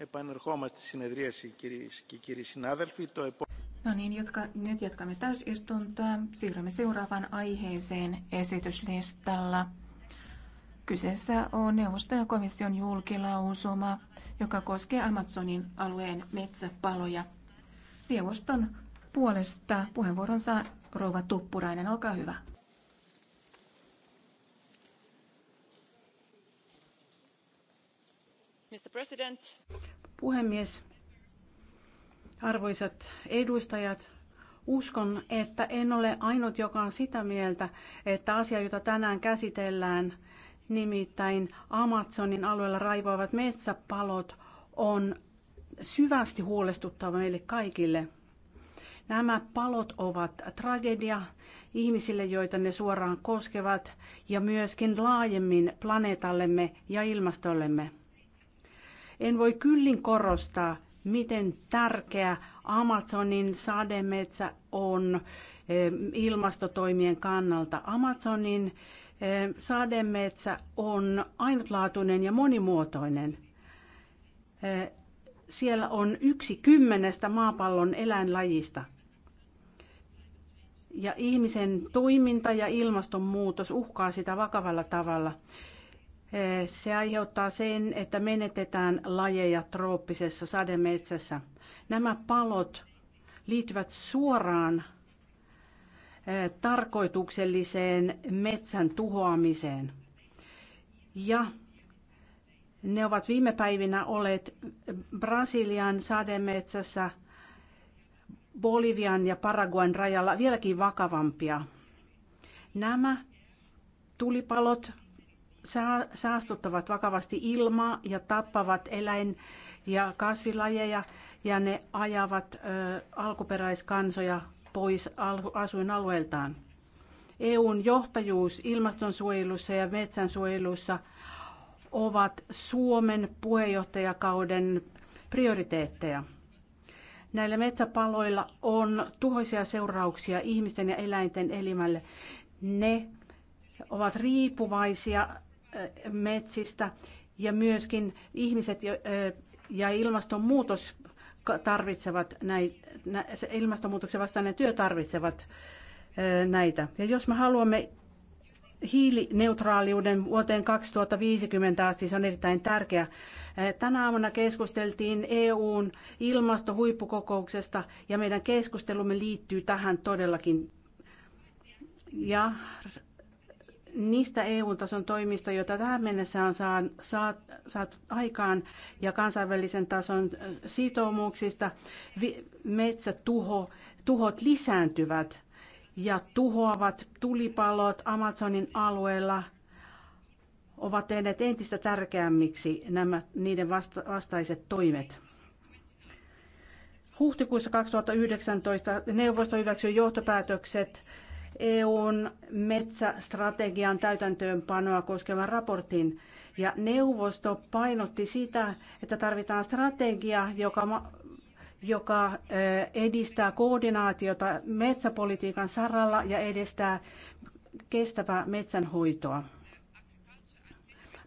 Επανερχόμαστε στη συνεδρίαση, κυρίες και κύριοι συνάδελφοι. Το No niin, jotka, nyt jatkamme täysistuntoa. Siirrymme seuraavaan aiheeseen esityslistalla. Kyseessä on neuvoston komission julkilausuma, joka koskee Amazonin alueen metsäpaloja. Neuvoston puolesta puheenvuoron saa Rova Tuppurainen. Olkaa hyvä. Puhemies, arvoisat edustajat, uskon, että en ole ainut, joka on sitä mieltä, että asia, jota tänään käsitellään, nimittäin Amazonin alueella raivoavat metsäpalot, on syvästi huolestuttava meille kaikille. Nämä palot ovat tragedia ihmisille, joita ne suoraan koskevat, ja myöskin laajemmin planeetallemme ja ilmastollemme. En voi kyllin korostaa, miten tärkeä Amazonin sademetsä on eh, ilmastotoimien kannalta. Amazonin eh, sademetsä on ainutlaatuinen ja monimuotoinen. Eh, siellä on yksi kymmenestä maapallon eläinlajista. Ja ihmisen toiminta ja ilmastonmuutos uhkaa sitä vakavalla tavalla. Se aiheuttaa sen, että menetetään lajeja trooppisessa sademetsässä. Nämä palot liittyvät suoraan tarkoitukselliseen metsän tuhoamiseen. Ja ne ovat viime päivinä olleet Brasilian sademetsässä, Bolivian ja Paraguayn rajalla vieläkin vakavampia. Nämä tulipalot saastuttavat vakavasti ilmaa ja tappavat eläin- ja kasvilajeja ja ne ajavat ö, alkuperäiskansoja pois asuinalueeltaan. EUn johtajuus ilmastonsuojelussa ja metsänsuojelussa ovat Suomen puheenjohtajakauden prioriteetteja. Näillä metsäpaloilla on tuhoisia seurauksia ihmisten ja eläinten elimälle. Ne ovat riippuvaisia metsistä ja myöskin ihmiset ja ilmastonmuutos tarvitsevat näitä, ilmastonmuutoksen vastainen työ tarvitsevat näitä. Ja jos me haluamme hiilineutraaliuden vuoteen 2050 asti, se on erittäin tärkeä. Tänä aamuna keskusteltiin EUn ilmastohuippukokouksesta ja meidän keskustelumme liittyy tähän todellakin. Ja niistä EU-tason toimista, joita tähän mennessä on saatu aikaan ja kansainvälisen tason sitoumuksista, metsätuho, tuhot lisääntyvät ja tuhoavat tulipalot Amazonin alueella ovat tehneet entistä tärkeämmiksi nämä, niiden vasta, vastaiset toimet. Huhtikuussa 2019 neuvosto hyväksyi johtopäätökset EUn metsästrategian täytäntöönpanoa koskevan raportin. Ja neuvosto painotti sitä, että tarvitaan strategia, joka, joka eh, edistää koordinaatiota metsäpolitiikan saralla ja edistää kestävää metsänhoitoa.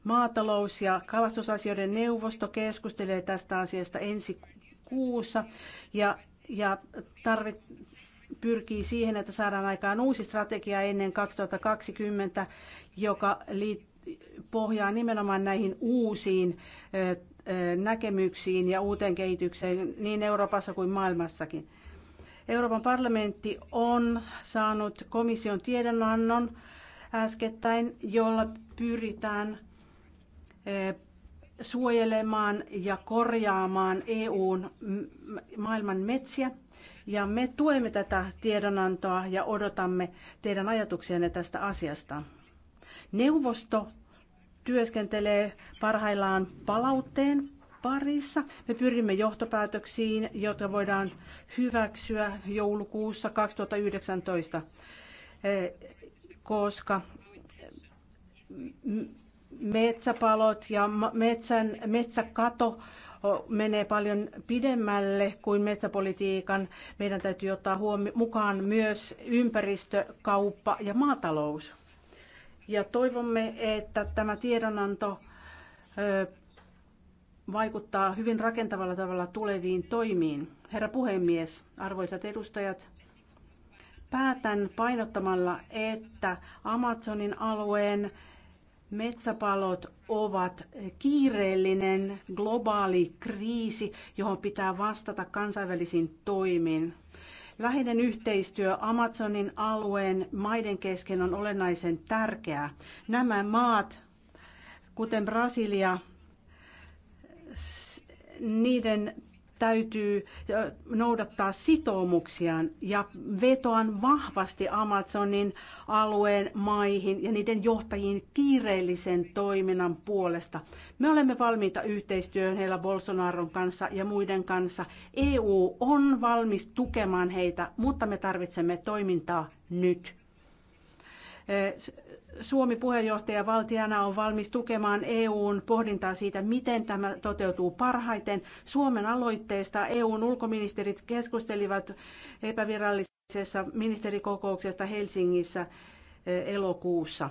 Maatalous- ja kalastusasioiden neuvosto keskustelee tästä asiasta ensi kuussa ja, ja tarvit, pyrkii siihen, että saadaan aikaan uusi strategia ennen 2020, joka pohjaa nimenomaan näihin uusiin näkemyksiin ja uuteen kehitykseen niin Euroopassa kuin maailmassakin. Euroopan parlamentti on saanut komission tiedonannon äskettäin, jolla pyritään suojelemaan ja korjaamaan EUn maailman metsiä. Ja me tuemme tätä tiedonantoa ja odotamme teidän ajatuksianne tästä asiasta. Neuvosto työskentelee parhaillaan palautteen parissa. Me pyrimme johtopäätöksiin, jotka voidaan hyväksyä joulukuussa 2019, eh, koska metsäpalot ja metsän, metsäkato menee paljon pidemmälle kuin metsäpolitiikan. Meidän täytyy ottaa huomi- mukaan myös ympäristö, kauppa ja maatalous. Ja toivomme, että tämä tiedonanto vaikuttaa hyvin rakentavalla tavalla tuleviin toimiin. Herra puhemies, arvoisat edustajat, päätän painottamalla, että Amazonin alueen Metsäpalot ovat kiireellinen globaali kriisi, johon pitää vastata kansainvälisin toimin. Läheinen yhteistyö Amazonin alueen maiden kesken on olennaisen tärkeää. Nämä maat, kuten Brasilia, niiden täytyy noudattaa sitoumuksiaan ja vetoan vahvasti Amazonin alueen maihin ja niiden johtajiin kiireellisen toiminnan puolesta. Me olemme valmiita yhteistyöhön heillä Bolsonaron kanssa ja muiden kanssa. EU on valmis tukemaan heitä, mutta me tarvitsemme toimintaa nyt. Suomi valtiana on valmis tukemaan EUn pohdintaa siitä, miten tämä toteutuu parhaiten. Suomen aloitteesta EUn ulkoministerit keskustelivat epävirallisessa ministerikokouksesta Helsingissä eh, elokuussa.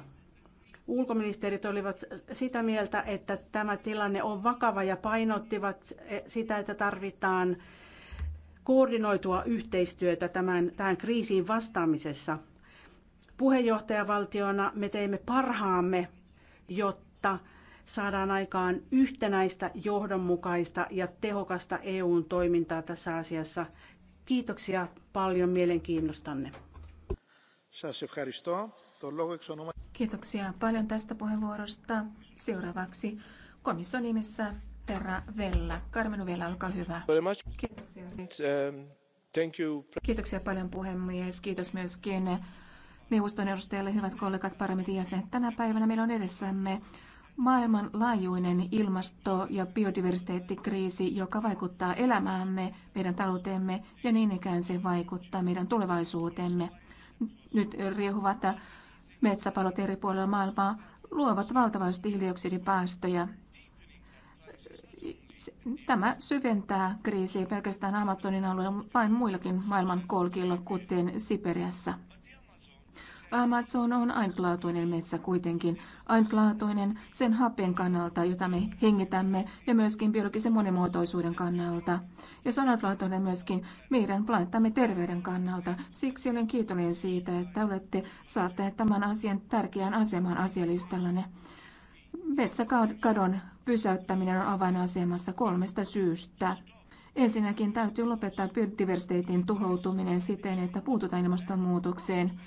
Ulkoministerit olivat sitä mieltä, että tämä tilanne on vakava ja painottivat eh, sitä, että tarvitaan koordinoitua yhteistyötä tämän, tähän kriisiin vastaamisessa – Puheenjohtajavaltiona me teimme parhaamme, jotta saadaan aikaan yhtenäistä, johdonmukaista ja tehokasta EUn toimintaa tässä asiassa. Kiitoksia paljon mielenkiinnostanne. Kiitoksia paljon tästä puheenvuorosta. Seuraavaksi komission nimessä herra Vella. Carmen Vella, olkaa hyvä. Kiitoksia. Kiitoksia paljon puhemies. Kiitos myöskin neuvoston edustajalle, hyvät kollegat, parlamentin jäsenet. Tänä päivänä meillä on edessämme maailmanlaajuinen ilmasto- ja biodiversiteettikriisi, joka vaikuttaa elämäämme, meidän talouteemme ja niin ikään se vaikuttaa meidän tulevaisuuteemme. Nyt riehuvat metsäpalot eri puolilla maailmaa luovat valtavasti hiilidioksidipäästöjä. Tämä syventää kriisiä pelkästään Amazonin alueella, vain muillakin maailman kolkilla, kuten Siperiassa. Amazon on ainutlaatuinen metsä kuitenkin, ainutlaatuinen sen hapen kannalta, jota me hengitämme, ja myöskin biologisen monimuotoisuuden kannalta. Ja se on ainutlaatuinen myöskin meidän planeettamme terveyden kannalta. Siksi olen kiitollinen siitä, että olette saattaneet tämän asian tärkeään asemaan asialistallanne. Metsäkadon pysäyttäminen on avainasemassa kolmesta syystä. Ensinnäkin täytyy lopettaa biodiversiteetin tuhoutuminen siten, että puututaan ilmastonmuutokseen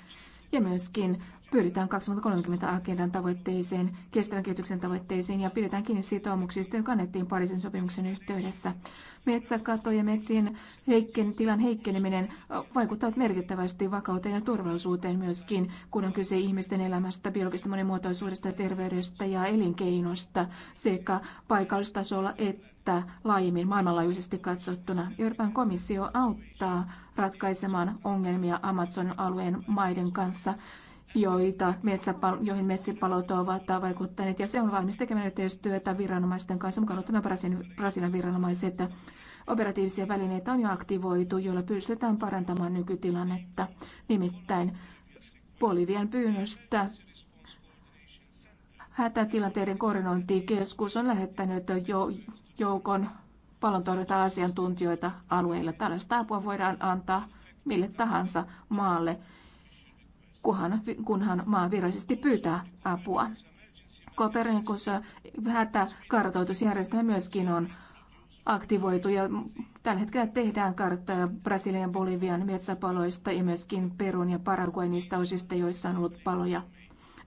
ja myöskin pyritään 2030-agendan tavoitteisiin, kestävän kehityksen tavoitteisiin ja pidetään kiinni sitoumuksista, jotka annettiin Pariisin sopimuksen yhteydessä. Metsäkato ja metsien heikken, tilan heikkeneminen vaikuttavat merkittävästi vakauteen ja turvallisuuteen myöskin, kun on kyse ihmisten elämästä, biologista monimuotoisuudesta, terveydestä ja elinkeinosta sekä paikallistasolla että että laajemmin maailmanlaajuisesti katsottuna Euroopan komissio auttaa ratkaisemaan ongelmia Amazonin alueen maiden kanssa, joita metsäpal- joihin metsäpalot ovat vaikuttaneet. Ja se on valmis tekemään yhteistyötä viranomaisten kanssa, mukaan ottuna Brasilian viranomaiset. Operatiivisia välineitä on jo aktivoitu, joilla pystytään parantamaan nykytilannetta. Nimittäin Bolivian pyynnöstä hätätilanteiden koordinointikeskus on lähettänyt jo joukon palontorjunta-asiantuntijoita alueilla. Tällaista apua voidaan antaa mille tahansa maalle, kunhan, kunhan maa virallisesti pyytää apua. Kopernikus hätäkartoitusjärjestelmä myöskin on aktivoitu ja tällä hetkellä tehdään karttoja Brasilian, Bolivian metsäpaloista ja myöskin Perun ja Paraguay niistä osista, joissa on ollut paloja.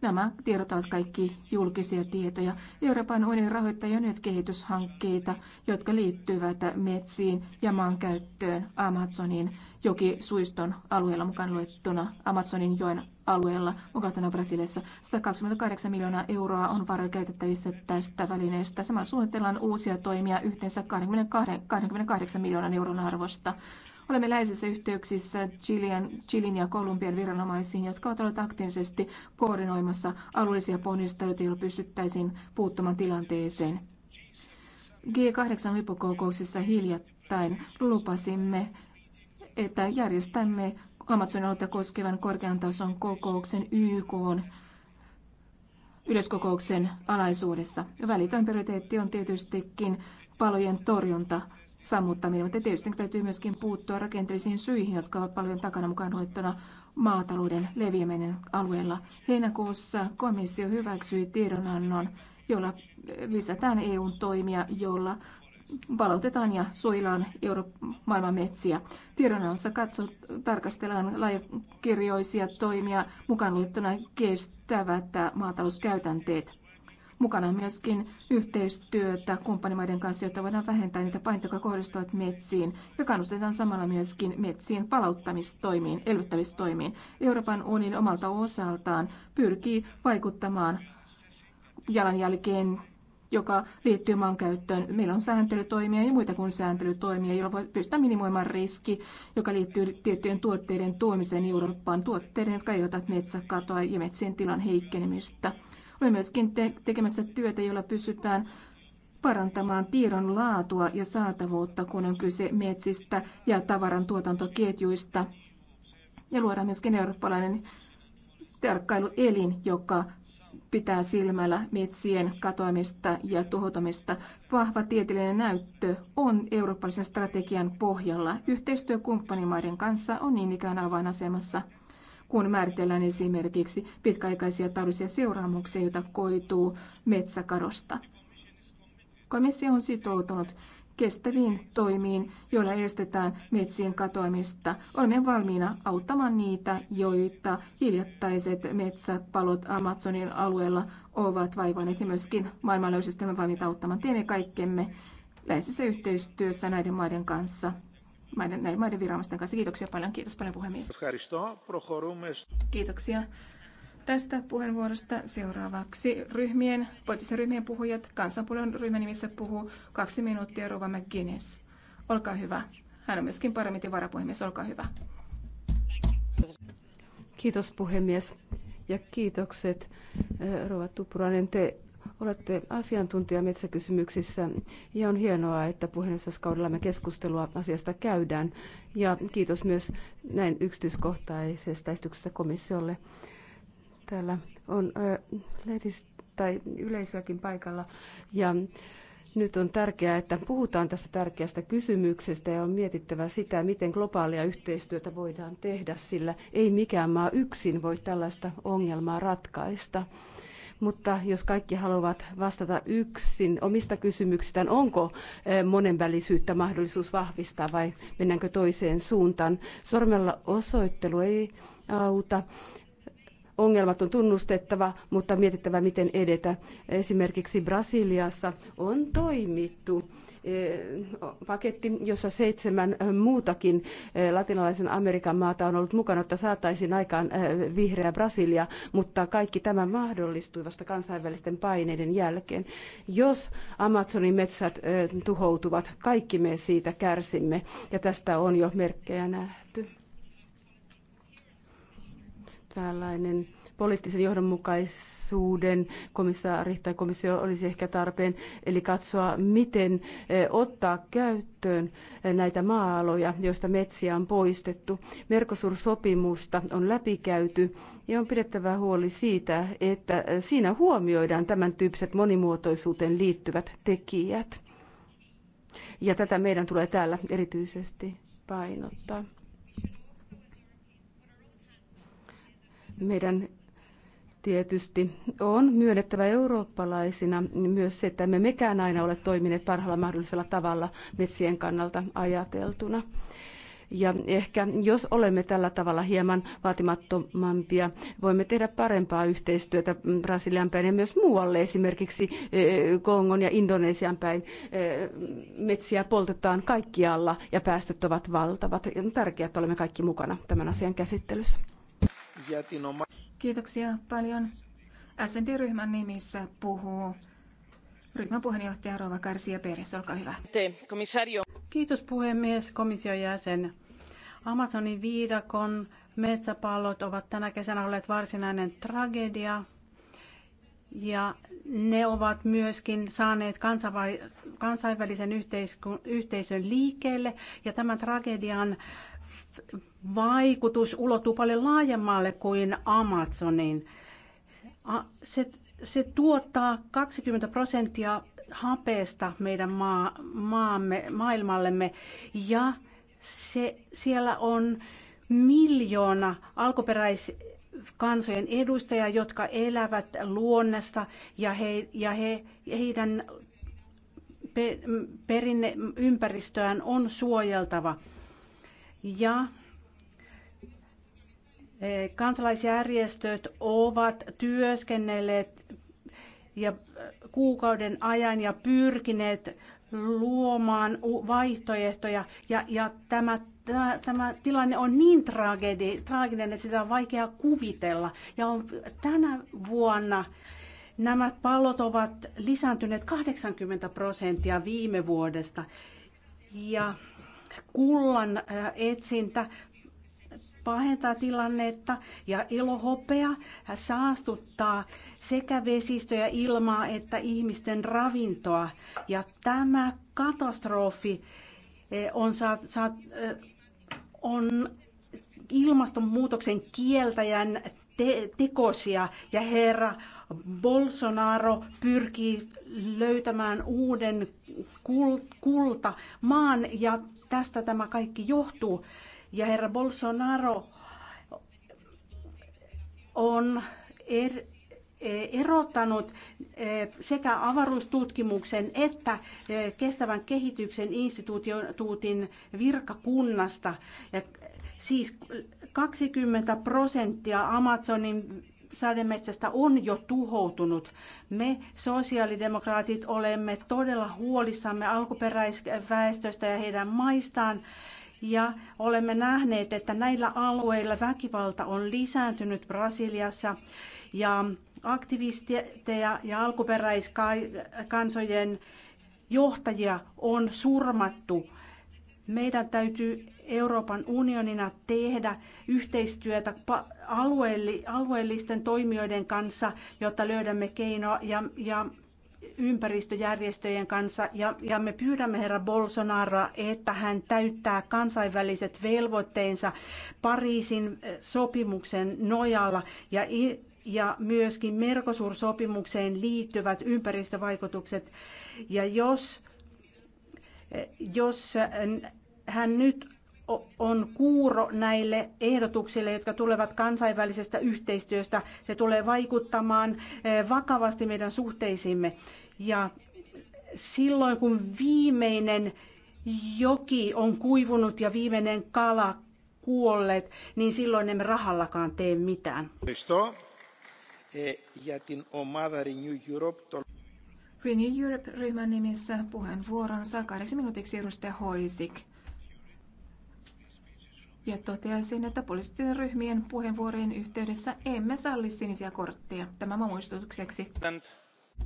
Nämä tiedot ovat kaikki julkisia tietoja. Euroopan unionin rahoittaa jo nyt kehityshankkeita, jotka liittyvät metsiin ja maankäyttöön Amazonin jokisuiston alueella mukaan luettuna Amazonin joen alueella mukana Brasiliassa. 128 miljoonaa euroa on varoja käytettävissä tästä välineestä. Samalla suunnitellaan uusia toimia yhteensä 20, 28 miljoonan euron arvosta. Olemme läheisissä yhteyksissä Chilean, Chilin ja Kolumbian viranomaisiin, jotka ovat olleet aktiivisesti koordinoimassa alueellisia ponnisteluita, joilla pystyttäisiin puuttumaan tilanteeseen. G8-huippukokouksessa hiljattain lupasimme, että järjestämme aluetta koskevan korkean tason kokouksen YK yleiskokouksen alaisuudessa. Välitön prioriteetti on tietystikin palojen torjunta sammuttaminen, mutta tietysti täytyy myöskin puuttua rakenteellisiin syihin, jotka ovat paljon takana mukaan hoittona maatalouden leviäminen alueella. Heinäkuussa komissio hyväksyi tiedonannon, jolla lisätään EUn toimia, jolla valotetaan ja suojellaan Euroopan maailman metsiä. Tiedonannossa katso, tarkastellaan laajakirjoisia toimia mukaan luettuna kestävät maatalouskäytänteet. Mukana on myöskin yhteistyötä kumppanimaiden kanssa, jotta voidaan vähentää niitä paineita, jotka kohdistuvat metsiin, ja kannustetaan samalla myöskin metsien palauttamistoimiin, elvyttämistoimiin. Euroopan unioni omalta osaltaan pyrkii vaikuttamaan jalanjälkeen joka liittyy maankäyttöön. Meillä on sääntelytoimia ja muita kuin sääntelytoimia, joilla voi pystyä minimoimaan riski, joka liittyy tiettyjen tuotteiden tuomiseen Eurooppaan, tuotteiden, jotka aiheuttavat metsäkatoa ja metsien tilan heikkenemistä. Olemme myöskin te- tekemässä työtä, jolla pysytään parantamaan tiedon laatua ja saatavuutta, kun on kyse metsistä ja tavaran tuotantoketjuista. Ja luodaan myöskin eurooppalainen tarkkailuelin, joka pitää silmällä metsien katoamista ja tuhoutumista. Vahva tieteellinen näyttö on eurooppalaisen strategian pohjalla. Yhteistyö kumppanimaiden kanssa on niin ikään avainasemassa kun määritellään esimerkiksi pitkäaikaisia taloudellisia seuraamuksia, joita koituu metsäkadosta. Komissio on sitoutunut kestäviin toimiin, joilla estetään metsien katoamista. Olemme valmiina auttamaan niitä, joita hiljattaiset metsäpalot Amazonin alueella ovat vaivanneet ja myöskin maailmanlaajuisesti olemme valmiita auttamaan. Teemme kaikkemme läheisessä yhteistyössä näiden maiden kanssa maiden, näiden maiden viranomaisten kanssa. Kiitoksia paljon. Kiitos paljon puhemies. Kiitoksia tästä puheenvuorosta. Seuraavaksi ryhmien, poliittisen ryhmien puhujat. Kansanpuolen ryhmän nimissä puhuu kaksi minuuttia Rova McGuinness. Olkaa hyvä. Hän on myöskin parlamentin varapuhemies. Olkaa hyvä. Kiitos puhemies ja kiitokset eh, Rova Tuppurainen. Te olette asiantuntija metsäkysymyksissä ja on hienoa, että puheenjohtajuuskaudella me keskustelua asiasta käydään. Ja kiitos myös näin yksityiskohtaisesta esityksestä komissiolle. Täällä on äh, lehdist- tai yleisöäkin paikalla. Ja nyt on tärkeää, että puhutaan tästä tärkeästä kysymyksestä ja on mietittävä sitä, miten globaalia yhteistyötä voidaan tehdä, sillä ei mikään maa yksin voi tällaista ongelmaa ratkaista. Mutta jos kaikki haluavat vastata yksin omista kysymyksistään, onko e, monenvälisyyttä mahdollisuus vahvistaa vai mennäänkö toiseen suuntaan? Sormella osoittelu ei auta ongelmat on tunnustettava, mutta mietittävä, miten edetä. Esimerkiksi Brasiliassa on toimittu Eh, paketti, jossa seitsemän eh, muutakin eh, latinalaisen Amerikan maata on ollut mukana, että saataisiin aikaan vihreä Brasilia, mutta kaikki tämä mahdollistui vasta kansainvälisten paineiden jälkeen. Jos Amazonin metsät tuhoutuvat, kaikki me siitä kärsimme ja tästä on jo merkkejä nähty. Tällainen poliittisen johdonmukaisuuden komissaari tai komissio olisi ehkä tarpeen, eli katsoa, miten eh, ottaa käyttöön eh, näitä maa-aloja, joista metsiä on poistettu. Mercosur-sopimusta on läpikäyty ja on pidettävä huoli siitä, että eh, siinä huomioidaan tämän tyyppiset monimuotoisuuteen liittyvät tekijät. Ja tätä meidän tulee täällä erityisesti painottaa. meidän tietysti on myönnettävä eurooppalaisina myös se, että me mekään aina ole toimineet parhaalla mahdollisella tavalla metsien kannalta ajateltuna. Ja ehkä jos olemme tällä tavalla hieman vaatimattomampia, voimme tehdä parempaa yhteistyötä Brasilian päin ja myös muualle, esimerkiksi e, Kongon ja Indonesian päin. E, metsiä poltetaan kaikkialla ja päästöt ovat valtavat. On tärkeää, että olemme kaikki mukana tämän asian käsittelyssä. Kiitoksia paljon. SND-ryhmän nimissä puhuu ryhmän puheenjohtaja Rova Garcia Perez. Olkaa hyvä. Kiitos puhemies, komission jäsen. Amazonin viidakon metsäpallot ovat tänä kesänä olleet varsinainen tragedia ja ne ovat myöskin saaneet kansainvälisen yhteisön liikkeelle ja tämän tragedian vaikutus ulottuu paljon laajemmalle kuin Amazonin. Se, se tuottaa 20 prosenttia hapeesta meidän maa, maamme, maailmallemme ja se, siellä on miljoona alkuperäiskansojen edustajia, jotka elävät luonnosta ja, he, ja he, heidän perinneympäristöään on suojeltava. Ja e, kansalaisjärjestöt ovat työskennelleet ja e, kuukauden ajan ja pyrkineet luomaan vaihtoehtoja. Ja, ja tämä, tämä, tämä tilanne on niin tragedi, traaginen, että sitä on vaikea kuvitella. Ja on, tänä vuonna nämä pallot ovat lisääntyneet 80 prosenttia viime vuodesta. Ja Kullan äh, etsintä pahentaa tilannetta ja elohopea saastuttaa sekä vesistöjä, ilmaa että ihmisten ravintoa. Ja tämä katastrofi äh, on, saat, saat, äh, on ilmastonmuutoksen kieltäjän te- tekosia ja herra Bolsonaro pyrkii löytämään uuden kulta maan ja tästä tämä kaikki johtuu. Ja herra Bolsonaro on er, e, erottanut e, sekä avaruustutkimuksen että e, kestävän kehityksen instituutin virkakunnasta. Ja siis 20 prosenttia Amazonin sademetsästä on jo tuhoutunut. Me sosiaalidemokraatit olemme todella huolissamme alkuperäisväestöstä ja heidän maistaan. Ja olemme nähneet, että näillä alueilla väkivalta on lisääntynyt Brasiliassa ja aktivisteja ja alkuperäiskansojen johtajia on surmattu meidän täytyy Euroopan unionina tehdä yhteistyötä alueellisten toimijoiden kanssa, jotta löydämme keinoa ja, ja ympäristöjärjestöjen kanssa ja, ja me pyydämme herra Bolsonaroa, että hän täyttää kansainväliset velvoitteensa Pariisin eh, sopimuksen nojalla ja, ja myöskin Mercosur-sopimukseen liittyvät ympäristövaikutukset. Ja jos eh, jos eh, hän nyt on kuuro näille ehdotuksille, jotka tulevat kansainvälisestä yhteistyöstä. Se tulee vaikuttamaan eh, vakavasti meidän suhteisiimme. Ja silloin kun viimeinen joki on kuivunut ja viimeinen kala kuolleet, niin silloin emme rahallakaan tee mitään. E, Renew Europe-ryhmän nimissä puheenvuoron saa kahdeksi minuutiksi edustaja Hoisik. Ja toteaisin, että poliittisten ryhmien puheenvuorojen yhteydessä emme salli sinisiä kortteja. Tämä muistutukseksi.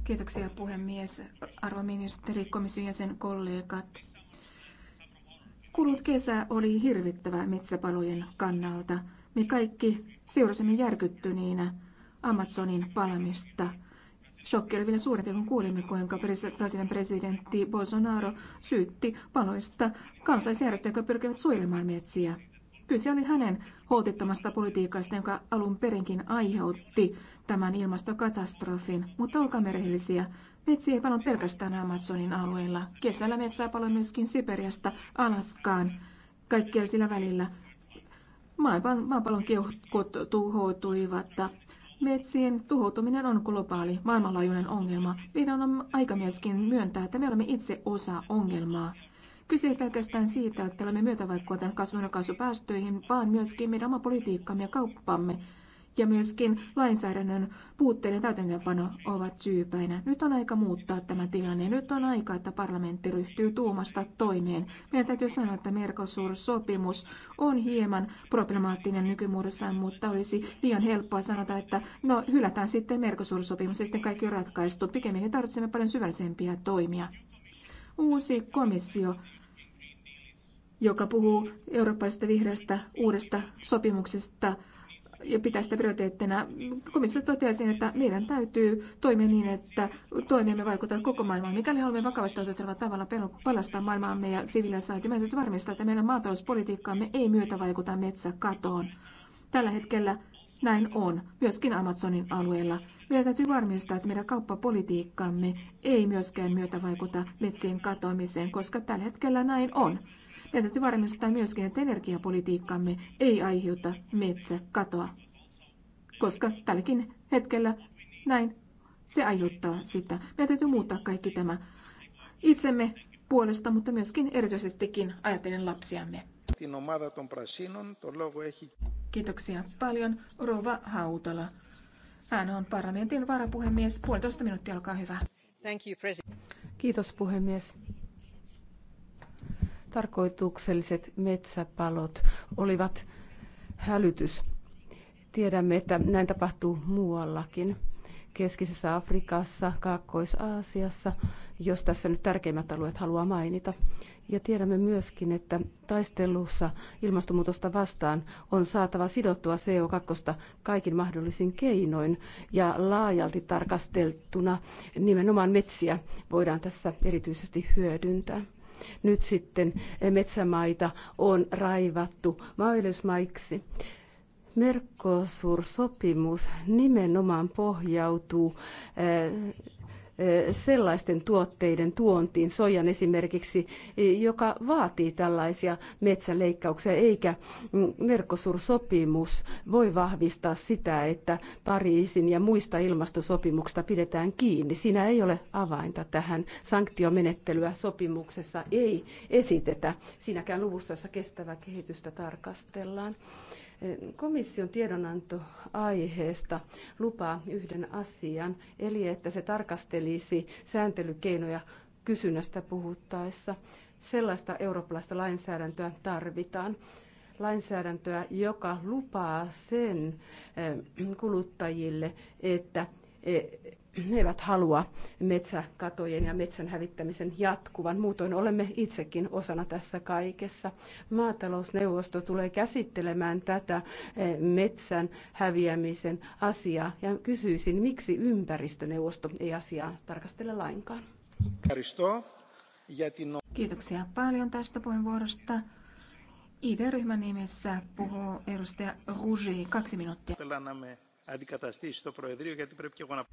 Kiitoksia puhemies, arvoministeri, komission jäsen, kollegat. Kulut kesä oli hirvittävä metsäpalojen kannalta. Me kaikki seurasimme järkyttyneinä Amazonin palamista. Shokki oli vielä suurempi, kun kuulimme, kuinka Brasilian presidentti Bolsonaro syytti paloista kansalaisjärjestöjä, jotka pyrkivät suojelemaan metsiä. Kyse oli hänen holtittomasta politiikasta, joka alun perinkin aiheutti tämän ilmastokatastrofin. Mutta olkaamme rehellisiä. Metsiä ei palon pelkästään Amazonin alueilla. Kesällä metsää paloi myöskin Siperiasta Alaskaan, kaikkialla sillä välillä. Maapallon, maapallon keuhkot tuhoutuivat. Metsien tuhoutuminen on globaali, maailmanlaajuinen ongelma. Meidän on aika myöskin myöntää, että me olemme itse osa ongelmaa. Kyse ei pelkästään siitä, että olemme myötävaikkoa tämän kasvihuonekaasupäästöihin, vaan myöskin meidän oma politiikkamme ja kauppamme ja myöskin lainsäädännön puutteiden täytäntöönpano ovat syypäinä. Nyt on aika muuttaa tämä tilanne. Nyt on aika, että parlamentti ryhtyy tuumasta toimeen. Meidän täytyy sanoa, että Mercosur-sopimus on hieman problemaattinen nykymuodossaan, mutta olisi liian helppoa sanota, että no hylätään sitten Mercosur-sopimus ja sitten kaikki on ratkaistu. Pikemminkin tarvitsemme paljon syvällisempiä toimia. Uusi komissio joka puhuu eurooppalaisesta vihreästä uudesta sopimuksesta ja pitää sitä prioriteettina. Komissio toteaa sen, että meidän täytyy toimia niin, että toimimme vaikuttaa koko maailmaan. Mikäli haluamme vakavasti otettavalla tavalla palastaa maailmaamme ja sivilisaatio, meidän täytyy varmistaa, että meidän maatalouspolitiikkaamme ei myötä vaikuta metsäkatoon. Tällä hetkellä näin on, myöskin Amazonin alueella. Meidän täytyy varmistaa, että meidän kauppapolitiikkaamme ei myöskään vaikuta metsien katoamiseen, koska tällä hetkellä näin on. Meidän täytyy varmistaa myöskin, että energiapolitiikkamme ei aiheuta metsäkatoa, koska tälläkin hetkellä näin se aiheuttaa sitä. Meidän täytyy muuttaa kaikki tämä itsemme puolesta, mutta myöskin erityisestikin ajatellen lapsiamme. Kiitoksia paljon, Rova Hautala. Hän on parlamentin varapuhemies. Puolitoista minuuttia, olkaa hyvä. Thank you, Kiitos puhemies. Tarkoitukselliset metsäpalot olivat hälytys. Tiedämme, että näin tapahtuu muuallakin. Keskisessä Afrikassa, Kaakkois-Aasiassa, jos tässä nyt tärkeimmät alueet haluaa mainita. Ja tiedämme myöskin, että taistelussa ilmastonmuutosta vastaan on saatava sidottua CO2 kaikin mahdollisin keinoin ja laajalti tarkasteltuna nimenomaan metsiä voidaan tässä erityisesti hyödyntää nyt sitten metsämaita on raivattu maanviljelysmaiksi. Mercosur-sopimus nimenomaan pohjautuu eh, sellaisten tuotteiden tuontiin, sojan esimerkiksi, joka vaatii tällaisia metsäleikkauksia, eikä mm, Mercosur-sopimus voi vahvistaa sitä, että Pariisin ja muista ilmastosopimuksista pidetään kiinni. Siinä ei ole avainta tähän. Sanktiomenettelyä sopimuksessa ei esitetä siinäkään luvussa, jossa kestävää kehitystä tarkastellaan. Komission tiedonanto aiheesta lupaa yhden asian, eli että se tarkastelisi sääntelykeinoja kysynnästä puhuttaessa. Sellaista eurooppalaista lainsäädäntöä tarvitaan. Lainsäädäntöä, joka lupaa sen eh, kuluttajille, että E, eivät halua metsäkatojen ja metsän hävittämisen jatkuvan. Muutoin olemme itsekin osana tässä kaikessa. Maatalousneuvosto tulee käsittelemään tätä e, metsän häviämisen asiaa ja kysyisin, miksi ympäristöneuvosto ei asiaa tarkastele lainkaan. No- Kiitoksia paljon tästä puheenvuorosta. ID-ryhmän nimessä puhuu edustaja Rouget, kaksi minuuttia αντικαταστήσει το Προεδρείο, γιατί πρέπει και εγώ να...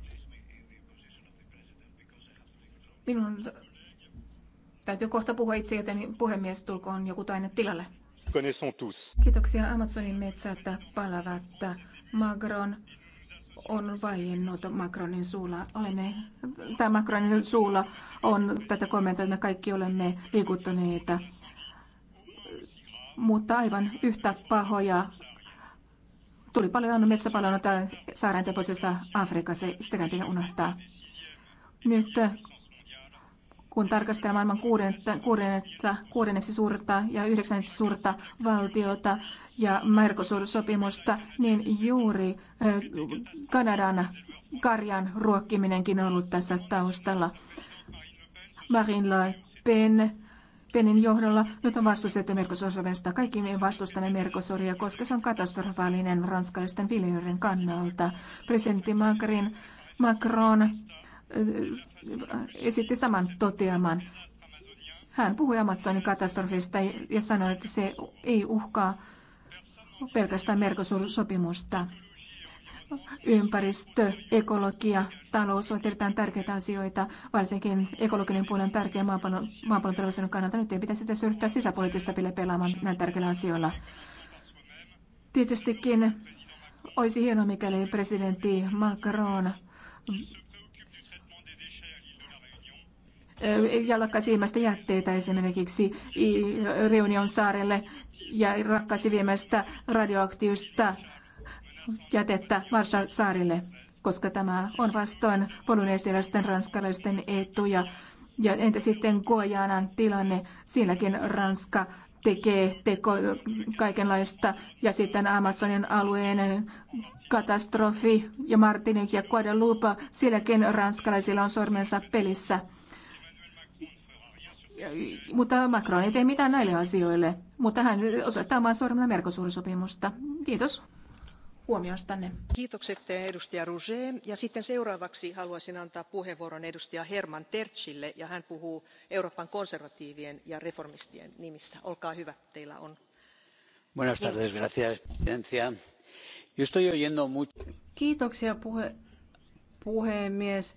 Minun täytyy kohta puhua itse, joten puhemies tulkoon joku toinen tilalle. Kiitoksia Amazonin metsät palavat. Macron on vaiennut Macronin suulla. Olemme, tämä Macronin suulla on tätä Me kaikki olemme liikuttuneita. Mutta aivan yhtä pahoja Tuli paljon metsäpalonoita saaren tepoisessa Afrikassa, sitäkään pidä unohtaa. Nyt kun tarkastellaan maailman kuudennetta, kuudennetta, kuudenneksi suurta ja yhdeksänneksi suurta valtiota ja Mercosur-sopimusta, niin juuri Kanadan karjan ruokkiminenkin on ollut tässä taustalla. Marine Le Pen Penin johdolla nyt on vastustettu Mercosur-sopimusta. Kaikki me vastustamme Mercosuria, koska se on katastrofaalinen ranskalaisten viljelijöiden kannalta. Presidentti Macron, Macron eh, esitti saman toteaman. Hän puhui Amazonin katastrofista ja sanoi, että se ei uhkaa pelkästään Mercosur-sopimusta ympäristö, ekologia, talous ovat erittäin tärkeitä asioita, varsinkin ekologinen puoli on tärkeä maapallon, maapallon tulevaisuuden kannalta. Nyt ei pitäisi tässä yrittää sisäpoliittista pille pelaamaan näin tärkeillä asioilla. Tietystikin olisi hienoa, mikäli presidentti Macron jalkaisi viemästä jätteitä esimerkiksi Reunion saarelle ja rakkaisi viemästä radioaktiivista jätettä Varsan saarille, koska tämä on vastoin polynesialaisten ranskalaisten etuja. Ja entä sitten Guajanan tilanne? Sielläkin Ranska tekee teko, kaikenlaista. Ja sitten Amazonin alueen katastrofi ja Martinik ja Guadalupe, sielläkin ranskalaisilla on sormensa pelissä. Mutta Macron ei tee mitään näille asioille, mutta hän osoittaa oman sormella Mercosur-sopimusta. Kiitos huomiostanne. Kiitokset eh, edustaja Rouget. Ja sitten seuraavaksi haluaisin antaa puheenvuoron edustaja Herman Tertsille ja hän puhuu Euroopan konservatiivien ja reformistien nimissä. Olkaa hyvä, teillä on. Buenas Kiitoksia puhe, puhemies.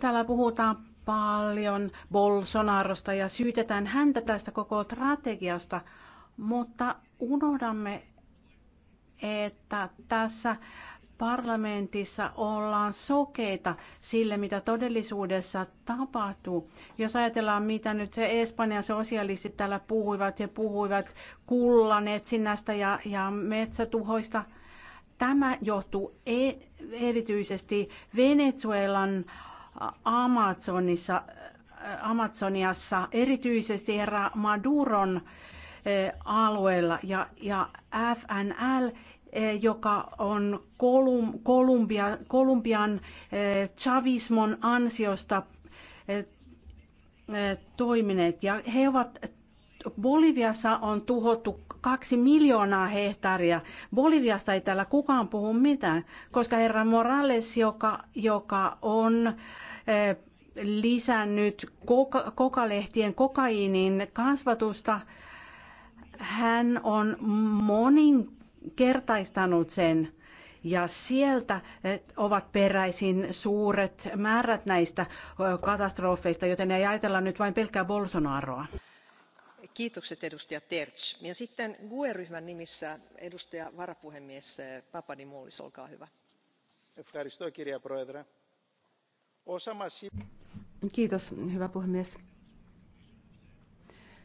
täällä puhutaan paljon Bolsonarosta ja syytetään häntä tästä koko strategiasta, mutta unohdamme, että tässä parlamentissa ollaan sokeita sille, mitä todellisuudessa tapahtuu. Jos ajatellaan, mitä nyt Espanjan sosialistit täällä puhuivat, he puhuivat kullan etsinnästä ja, ja metsätuhoista. Tämä johtuu e- erityisesti Venezuelan Amazonissa, Amazoniassa, erityisesti herra Maduron Eh, alueella ja, ja FNL eh, joka on Kolum, Kolumbia, Kolumbian eh, chavismon ansiosta toimineet. Ja he ovat, Boliviassa on tuhottu kaksi miljoonaa hehtaaria. Boliviasta ei täällä kukaan puhu mitään, koska herra Morales, joka, joka on lisännyt koka, kokalehtien kokaiinin kasvatusta, hän on moninkertaistanut sen ja sieltä eh, ovat peräisin suuret määrät näistä eh, katastrofeista, joten ei ajatella nyt vain pelkkää Bolsonaroa. Kiitokset edustaja Terts. Ja sitten GUE-ryhmän nimissä edustaja varapuhemies eh, Papadimoulis, olkaa hyvä. Kiitos, hyvä puhemies.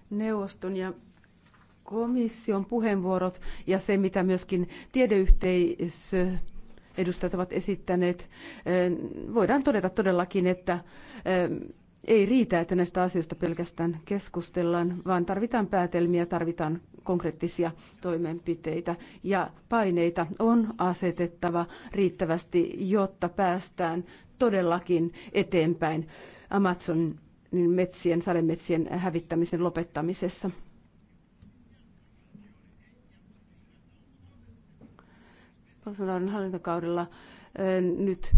Neuvoston ja komission puheenvuorot ja se, mitä myöskin tiedeyhteisö edustajat ovat esittäneet, voidaan todeta todellakin, että ei riitä, että näistä asioista pelkästään keskustellaan, vaan tarvitaan päätelmiä, tarvitaan konkreettisia toimenpiteitä ja paineita on asetettava riittävästi, jotta päästään todellakin eteenpäin Amazonin metsien, sademetsien hävittämisen lopettamisessa. Bolsonaron hallintokaudella nyt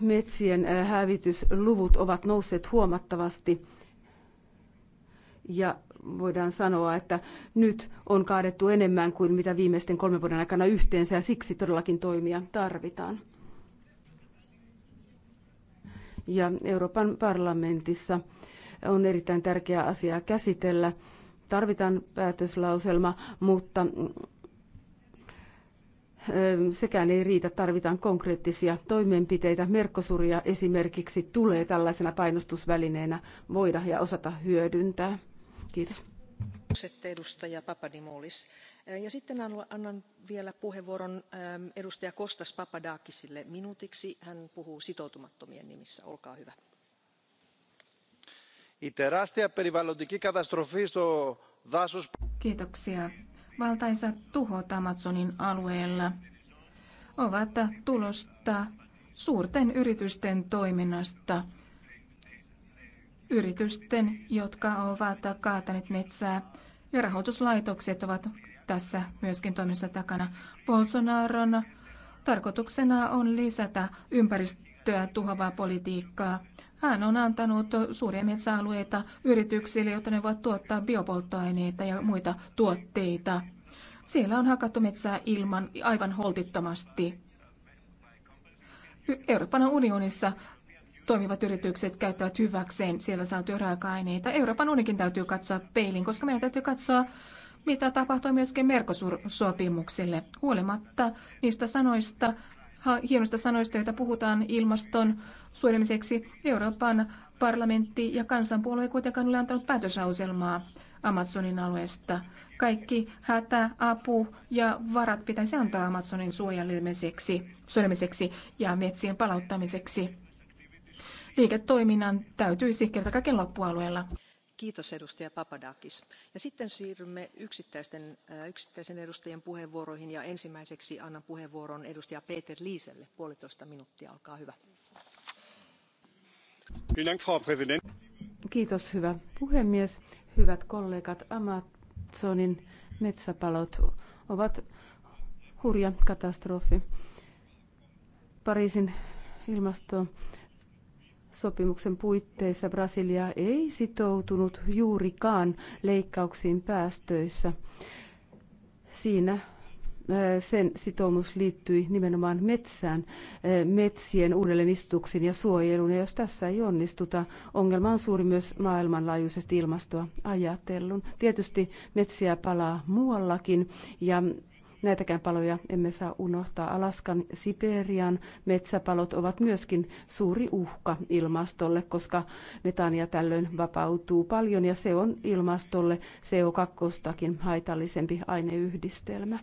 metsien hävitysluvut ovat nousseet huomattavasti. Ja voidaan sanoa, että nyt on kaadettu enemmän kuin mitä viimeisten kolmen vuoden aikana yhteensä ja siksi todellakin toimia tarvitaan. Ja Euroopan parlamentissa on erittäin tärkeä asia käsitellä. Tarvitaan päätöslauselma, mutta sekään ei riitä, tarvitaan konkreettisia toimenpiteitä. Merkkosuria esimerkiksi tulee tällaisena painostusvälineenä voida ja osata hyödyntää. Kiitos. edustaja Papadimoulis. Ja sitten annan vielä puheenvuoron edustaja Kostas Papadakisille minuutiksi. Hän puhuu sitoutumattomien nimissä. Olkaa hyvä. Kiitoksia valtaisat tuhot Amazonin alueella ovat tulosta suurten yritysten toiminnasta. Yritysten, jotka ovat kaataneet metsää ja rahoituslaitokset ovat tässä myöskin toiminnassa takana. Bolsonaron tarkoituksena on lisätä ympäristöä tuhovaa politiikkaa. Hän on antanut suuria metsäalueita yrityksille, jotta ne voivat tuottaa biopolttoaineita ja muita tuotteita. Siellä on hakattu metsää ilman aivan holtittomasti. Euroopan unionissa toimivat yritykset käyttävät hyväkseen siellä saatuja raaka-aineita. Euroopan unikin täytyy katsoa peilin, koska meidän täytyy katsoa, mitä tapahtui myöskin Mercosur-sopimukselle. Huolimatta niistä sanoista, hienosta sanoista, joita puhutaan ilmaston suojelemiseksi. Euroopan parlamentti ja kansanpuolue ei kuitenkaan ole antanut päätösauselmaa Amazonin alueesta. Kaikki hätä, apu ja varat pitäisi antaa Amazonin suojelemiseksi, suojelemiseksi ja metsien palauttamiseksi. Liiketoiminnan täytyisi kerta kaiken loppualueella arvoisa puhemies sitten siirrymme yksittäisten äh, edustajien puheenvuoroihin ja ensimmäiseksi annan puheenvuoron edustaja peter lieselle puolitoista minuuttia olkaa hyvä. hyvä puhemies hyvät kollegat amazonin metsäpalot ovat hurja katastrofi. pariisin ilmasto sopimuksen puitteissa Brasilia ei sitoutunut juurikaan leikkauksiin päästöissä. Siinä äh, sen sitoumus liittyi nimenomaan metsään, äh, metsien uudelleenistutuksiin ja suojeluun. Ja jos tässä ei onnistuta, ongelma on suuri myös maailmanlaajuisesti ilmastoa ajatellun. Tietysti metsiä palaa muuallakin ja Näitäkään paloja emme saa unohtaa. Alaskan Siperian metsäpalot ovat myöskin suuri uhka ilmastolle, koska metania tällöin vapautuu paljon ja se on ilmastolle CO2-takin haitallisempi aineyhdistelmä.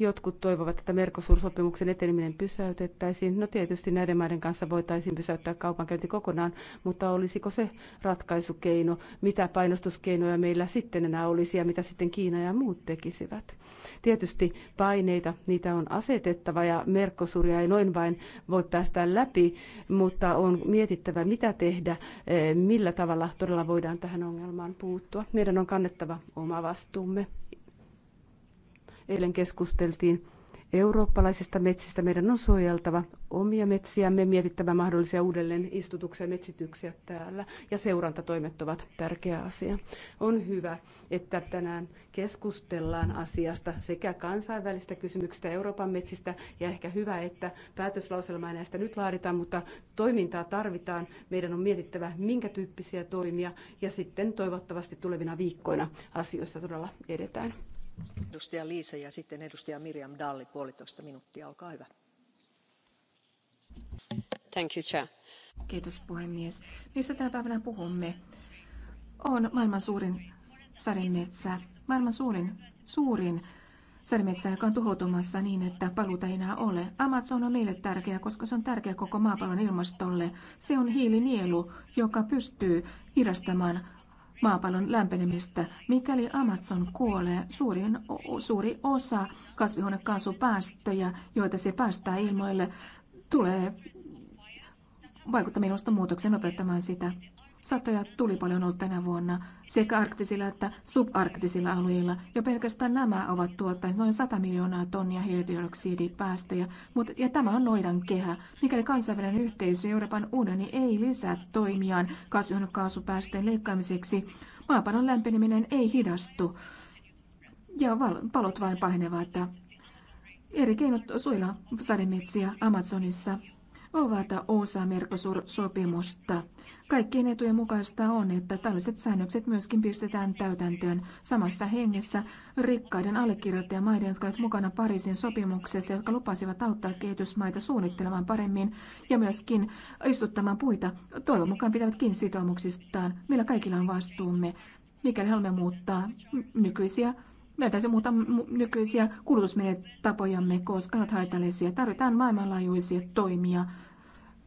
Jotkut toivovat, että Mercosur-sopimuksen eteneminen pysäytettäisiin. No tietysti näiden maiden kanssa voitaisiin pysäyttää kaupankäynti kokonaan, mutta olisiko se ratkaisukeino? Mitä painostuskeinoja meillä sitten enää olisi ja mitä sitten Kiina ja muut tekisivät? Tietysti paineita, niitä on asetettava ja Mercosuria ei noin vain voi päästä läpi, mutta on mietittävä, mitä tehdä, eh, millä tavalla todella voidaan tähän ongelmaan puuttua. Meidän on kannettava oma vastuumme Eilen keskusteltiin eurooppalaisista metsistä. Meidän on suojeltava omia metsiämme, mietittävä mahdollisia uudelleen istutuksia ja metsityksiä täällä. Ja seurantatoimet ovat tärkeä asia. On hyvä, että tänään keskustellaan asiasta sekä kansainvälistä kysymyksistä Euroopan metsistä. Ja ehkä hyvä, että päätöslauselmaa näistä nyt laaditaan, mutta toimintaa tarvitaan. Meidän on mietittävä, minkä tyyppisiä toimia. Ja sitten toivottavasti tulevina viikkoina asioissa todella edetään arvoisa sitten dalli puolitoista minuuttia Kiitos puhemies. Mistä tänä päivänä puhumme? On maailman suurin sademetsä, maailman suurin, suurin sademetsä, joka on tuhoutumassa niin, että paluuta ei enää ole. Amazon on meille tärkeä, koska se on tärkeä koko maapallon ilmastolle. Se on hiilinielu, joka pystyy hidastamaan maapallon lämpenemistä. Mikäli Amazon kuolee, suurin, suuri osa kasvihuonekaasupäästöjä, joita se päästää ilmoille, tulee vaikuttaa ilmastonmuutokseen nopeuttamaan sitä. Satoja tuli paljon ollut tänä vuonna sekä arktisilla että subarktisilla alueilla. Jo pelkästään nämä ovat tuottaneet noin 100 miljoonaa tonnia hiilidioksidipäästöjä, mutta, ja tämä on noidan kehä. Mikäli kansainvälinen yhteisö Euroopan unioni ei lisää toimiaan kasvihuonekaasupäästöjen leikkaamiseksi, maapallon lämpeneminen ei hidastu ja val- palot vain pahenevat. Eri keinot suojella sademetsiä Amazonissa ovat osa Mercosur-sopimusta. Kaikkien etujen mukaista on, että tällaiset säännökset myöskin pistetään täytäntöön samassa hengessä rikkaiden allekirjoittajamaiden, jotka ovat mukana Pariisin sopimuksessa, jotka lupasivat auttaa kehitysmaita suunnittelemaan paremmin ja myöskin istuttamaan puita. Toivon mukaan pitävät kiinni sitoumuksistaan. Meillä kaikilla on vastuumme mikäli haluamme muuttaa nykyisiä meidän täytyy muuttaa nykyisiä kulutusmenetapojamme, koska ne ovat haitallisia. Tarvitaan maailmanlaajuisia toimia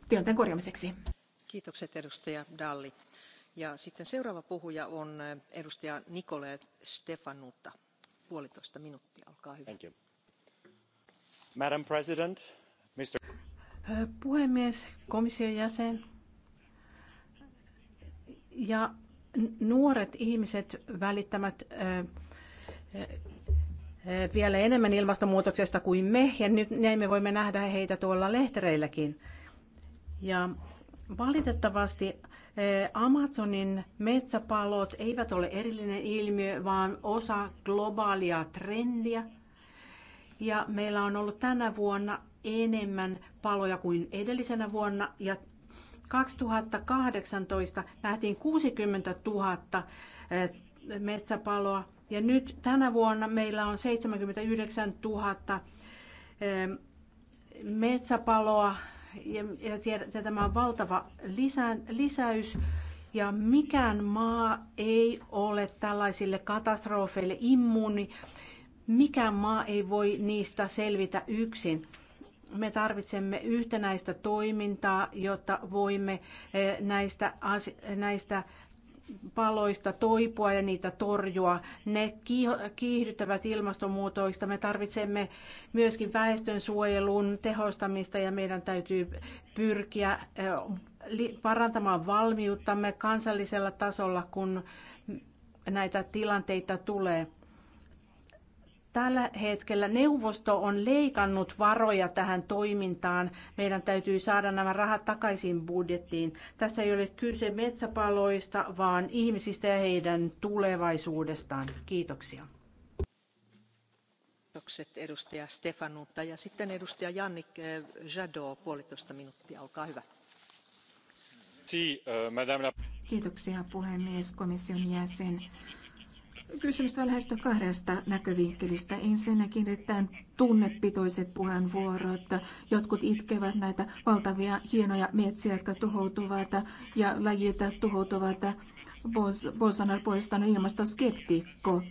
tilanteen korjaamiseksi. Kiitokset edustaja Dalli. Ja sitten seuraava puhuja on eh, edustaja Nicole Stefanuta. Puolitoista minuuttia, olkaa hyvä. Thank you. Madam President, Mr. Eh, puhemies, komission jäsen ja nuoret ihmiset välittämät eh, vielä enemmän ilmastonmuutoksesta kuin me, ja nyt näin me voimme nähdä heitä tuolla lehtereilläkin. Ja valitettavasti eh, Amazonin metsäpalot eivät ole erillinen ilmiö, vaan osa globaalia trendiä. Ja meillä on ollut tänä vuonna enemmän paloja kuin edellisenä vuonna, ja 2018 nähtiin 60 000 eh, metsäpaloa ja nyt tänä vuonna meillä on 79 000 ehm, metsäpaloa ja, ja tämä on valtava lisä, lisäys. Ja mikään maa ei ole tällaisille katastrofeille immuuni. Mikään maa ei voi niistä selvitä yksin. Me tarvitsemme yhtenäistä toimintaa, jotta voimme eh, näistä, näistä paloista toipua ja niitä torjua. Ne kiihdyttävät ilmastonmuutoista. Me tarvitsemme myöskin väestönsuojelun tehostamista ja meidän täytyy pyrkiä parantamaan valmiuttamme kansallisella tasolla, kun näitä tilanteita tulee. Tällä hetkellä neuvosto on leikannut varoja tähän toimintaan. Meidän täytyy saada nämä rahat takaisin budjettiin. Tässä ei ole kyse metsäpaloista, vaan ihmisistä ja heidän tulevaisuudestaan. Kiitoksia. Kiitokset edustaja Stefanuutta ja sitten edustaja Jannik eh, Jadot, puolitoista minuuttia, olkaa hyvä. Eh, Kiitoksia puhemies, komission jäsen. Kysymys on lähestyä kahdesta näkövinkkelistä. Ensinnäkin erittäin tunnepitoiset puheenvuorot. Jotkut itkevät näitä valtavia hienoja metsiä, jotka tuhoutuvat ja lajit tuhoutuvat. Bolsonaro puolestaan on ilmastoskeptikko,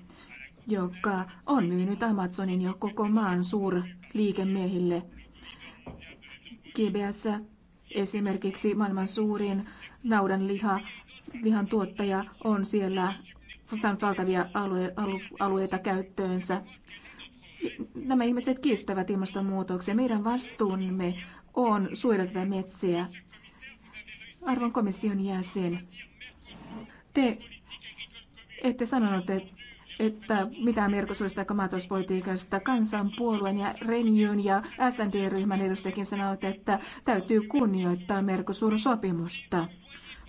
joka on myynyt Amazonin jo koko maan suurliikemiehille. GBS esimerkiksi maailman suurin naudanliha lihan tuottaja on siellä on saanut valtavia alue, alu, alueita käyttöönsä. Nämä ihmiset kiistävät ilmastonmuutoksen. Meidän vastuumme on suojella tätä metsiä. Arvon komission jäsen, te ette sanonut, että että mitä merkosuudesta ja maatalouspolitiikasta kansanpuolueen ja Renjun ja SND-ryhmän edustajakin sanoivat, että täytyy kunnioittaa sopimusta.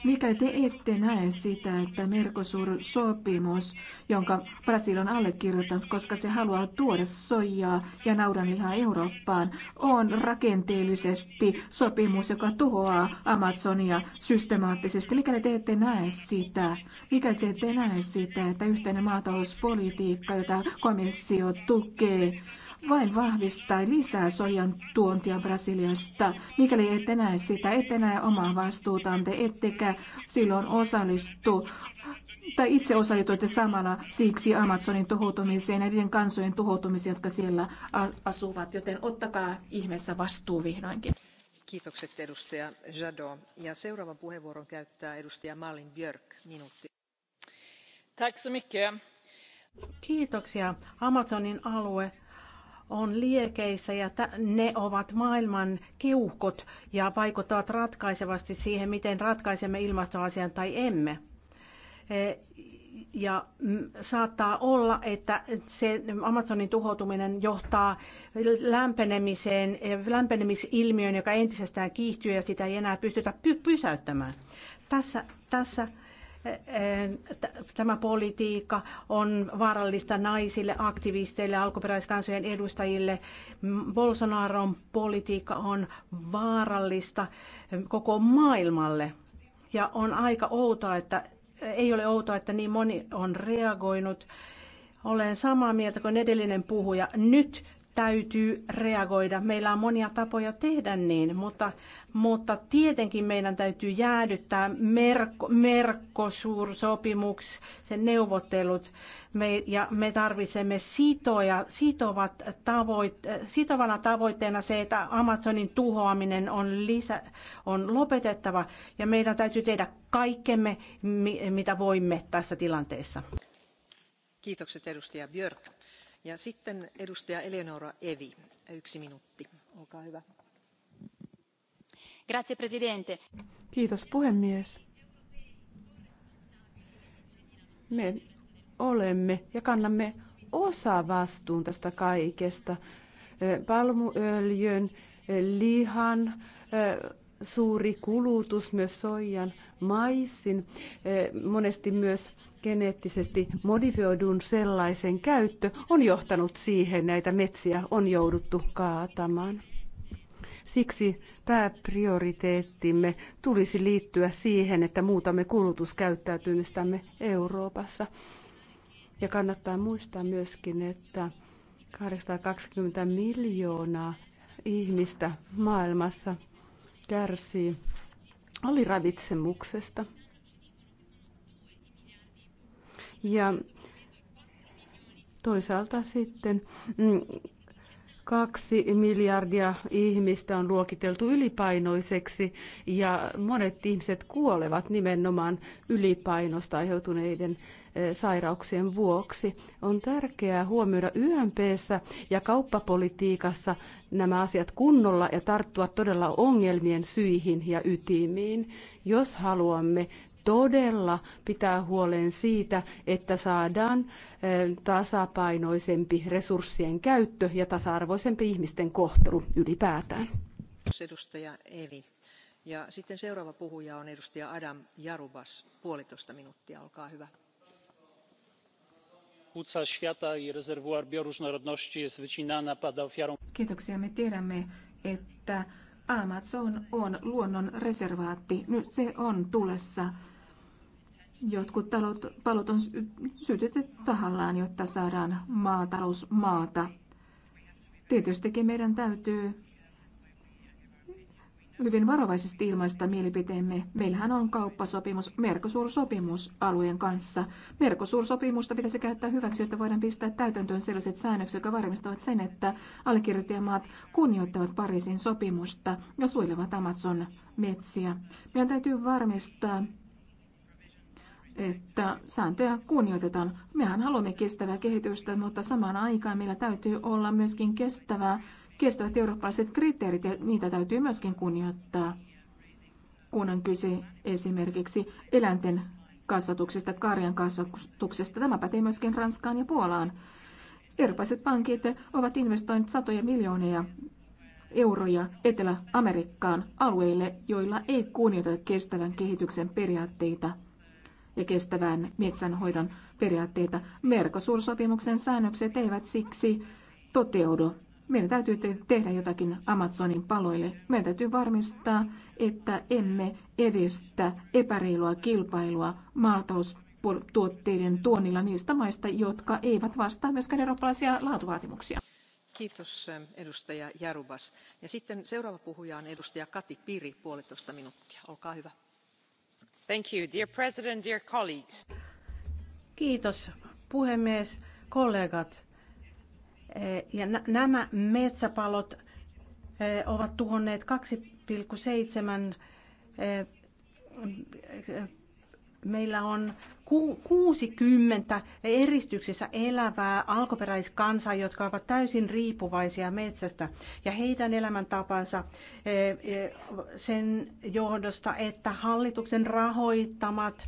Mikäli te ette näe sitä, että Mercosur-sopimus, jonka Brasil on allekirjoittanut, koska se haluaa tuoda soijaa ja naudanlihaa Eurooppaan, on rakenteellisesti sopimus, joka tuhoaa Amazonia systemaattisesti. Mikäli te ette näe sitä, mikäli te ette näe sitä, että yhteinen maatalouspolitiikka, jota komissio tukee, vain vahvistaa lisää sojan tuontia Brasiliasta, mikäli et sitä, et omaa vastuutanne, ettekä silloin osallistu tai itse osallistuitte samalla siksi Amazonin tuhoutumiseen ja niiden kansojen tuhoutumiseen, jotka siellä asuvat. Joten ottakaa ihmeessä vastuu vihdoinkin. Kiitokset edustaja Jadot. Ja seuraavan puheenvuoron käyttää edustaja Malin Björk, minuutti. Tack så mycket. Kiitoksia. Amazonin alue on liekeissä ja ne ovat maailman kiuhkot ja vaikuttavat ratkaisevasti siihen, miten ratkaisemme ilmastoasian tai emme. E, ja mm, saattaa olla, että se Amazonin tuhoutuminen johtaa lämpenemiseen, e, lämpenemisilmiöön, joka entisestään kiihtyy ja sitä ei enää pystytä py- pysäyttämään. Tässä, tässä tämä politiikka on vaarallista naisille, aktivisteille, alkuperäiskansojen edustajille. Bolsonaron politiikka on vaarallista koko maailmalle. Ja on aika outoa, että ei ole outoa, että niin moni on reagoinut. Olen samaa mieltä kuin edellinen puhuja. Nyt täytyy reagoida. Meillä on monia tapoja tehdä niin, mutta, mutta tietenkin meidän täytyy jäädyttää merkko, merkkosuursopimuks, sen neuvottelut. Me, ja me tarvitsemme sitoja, sitovat tavoit, sitovana tavoitteena se, että Amazonin tuhoaminen on, lisä, on lopetettava. Ja meidän täytyy tehdä kaikkemme, mitä voimme tässä tilanteessa. Kiitokset edustaja Björk ja sitten edustaja Eleonora Evi, yksi minuutti. Olkaa hyvä. Kiitos puhemies. Me olemme ja kannamme osa vastuun tästä kaikesta. Palmuöljyn, lihan, suuri kulutus, myös soijan, maissin, eh, monesti myös geneettisesti modifioidun sellaisen käyttö on johtanut siihen, näitä metsiä on jouduttu kaatamaan. Siksi pääprioriteettimme tulisi liittyä siihen, että muutamme kulutuskäyttäytymistämme Euroopassa. Ja kannattaa muistaa myöskin, että 820 miljoonaa ihmistä maailmassa kärsii aliravitsemuksesta. Ja toisaalta sitten mm, kaksi miljardia ihmistä on luokiteltu ylipainoiseksi ja monet ihmiset kuolevat nimenomaan ylipainosta aiheutuneiden sairauksien vuoksi. On tärkeää huomioida YMPssä ja kauppapolitiikassa nämä asiat kunnolla ja tarttua todella ongelmien syihin ja ytimiin, jos haluamme todella pitää huolen siitä, että saadaan tasapainoisempi resurssien käyttö ja tasa-arvoisempi ihmisten kohtelu ylipäätään. Edustaja Evi. Ja sitten seuraava puhuja on edustaja Adam Jarubas, puolitoista minuuttia, olkaa hyvä płuca świata i rezerwuar bioróżnorodności jest wycinana, pada ofiarą. Kiitoksia. Me tiedämme, että Amazon on luonnon reservaatti. Nyt se on tulessa. Jotkut talot, palot on sytytetty tahallaan, jotta saadaan maatalousmaata. Tietystikin meidän täytyy hyvin varovaisesti ilmaista mielipiteemme. Meillähän on kauppasopimus, Mercosur-sopimus alueen kanssa. Mercosur-sopimusta pitäisi käyttää hyväksi, jotta voidaan pistää täytäntöön sellaiset säännökset, jotka varmistavat sen, että allekirjoittajamaat kunnioittavat Pariisin sopimusta ja suojelevat Amazon metsiä. Meidän täytyy varmistaa, että sääntöjä kunnioitetaan. Mehän haluamme kestävää kehitystä, mutta samaan aikaan meillä täytyy olla myöskin kestävää kestävät eurooppalaiset kriteerit, ja niitä täytyy myöskin kunnioittaa, kun on kyse esimerkiksi eläinten kasvatuksesta, karjan kasvatuksesta. Tämä pätee myöskin Ranskaan ja Puolaan. Eurooppalaiset pankit ovat investoineet satoja miljoonia euroja Etelä-Amerikkaan alueille, joilla ei kunnioiteta kestävän kehityksen periaatteita ja kestävän metsänhoidon periaatteita. Merkosuursopimuksen säännökset eivät siksi toteudu. Meidän täytyy te- tehdä jotakin Amazonin paloille. Meidän täytyy varmistaa, että emme edistä epäreilua kilpailua maataloustuotteiden tuonnilla niistä maista, jotka eivät vastaa myöskään eurooppalaisia laatuvaatimuksia. Kiitos edustaja Jarubas. Ja sitten seuraava puhuja on edustaja Kati Piri, puolitoista minuuttia. Olkaa hyvä. Thank you, dear president, dear colleagues. Kiitos puhemies, kollegat Eh, ja nämä metsäpalot eh, ovat tuhonneet 2,7 eh, meillä on 60 eristyksissä elävää alkuperäiskansaa, jotka ovat täysin riippuvaisia metsästä ja heidän elämäntapansa sen johdosta, että hallituksen rahoittamat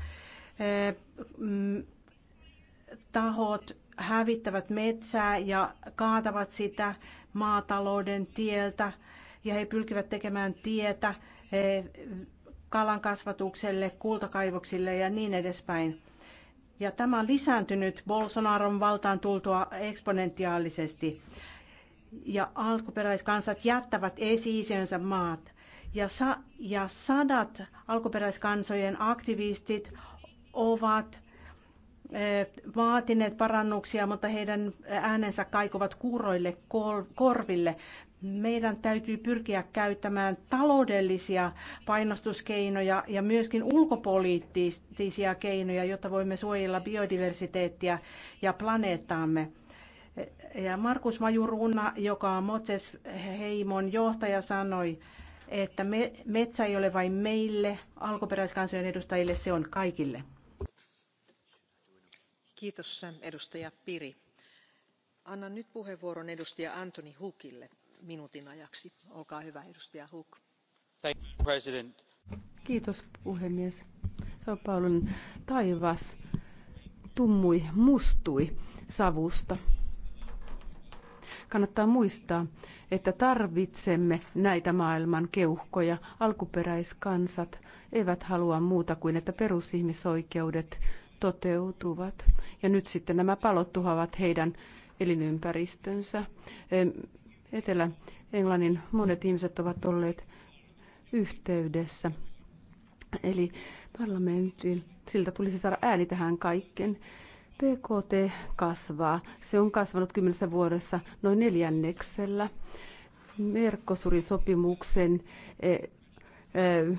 tahot hävittävät metsää ja kaatavat sitä maatalouden tieltä ja he pyrkivät tekemään tietä kalan kasvatukselle, kultakaivoksille ja niin edespäin. Ja tämä on lisääntynyt Bolsonaron valtaan tultua eksponentiaalisesti. Ja alkuperäiskansat jättävät esi-isiönsä maat. Ja, sa- ja sadat alkuperäiskansojen aktivistit ovat Eh, vaatineet parannuksia, mutta heidän äänensä kaikuvat kuuroille korville. Meidän täytyy pyrkiä käyttämään taloudellisia painostuskeinoja ja myöskin ulkopoliittisia keinoja, jotta voimme suojella biodiversiteettiä ja planeettaamme. Ja Markus Majuruna, joka on Motses Heimon johtaja, sanoi, että me, metsä ei ole vain meille, alkuperäiskansojen edustajille, se on kaikille arvoisa puhemies annan nyt puheenvuoron edustaja anthony hookille minuutin ajaksi. olkaa hyvä edustaja hook. arvoisa puhemies sao paulon taivas tummui mustui savusta. Kannattaa muistaa, että tarvitsemme näitä maailman keuhkoja. Alkuperäiskansat eivät halua muuta kuin, että perusihmisoikeudet toteutuvat. Ja nyt sitten nämä palot tuhoavat heidän elinympäristönsä. Etelä-Englannin monet ihmiset ovat olleet yhteydessä. Eli parlamentin, siltä tulisi saada ääni tähän kaikkeen. PKT kasvaa. Se on kasvanut kymmenessä vuodessa noin neljänneksellä. Merkosurin sopimuksen eh, eh,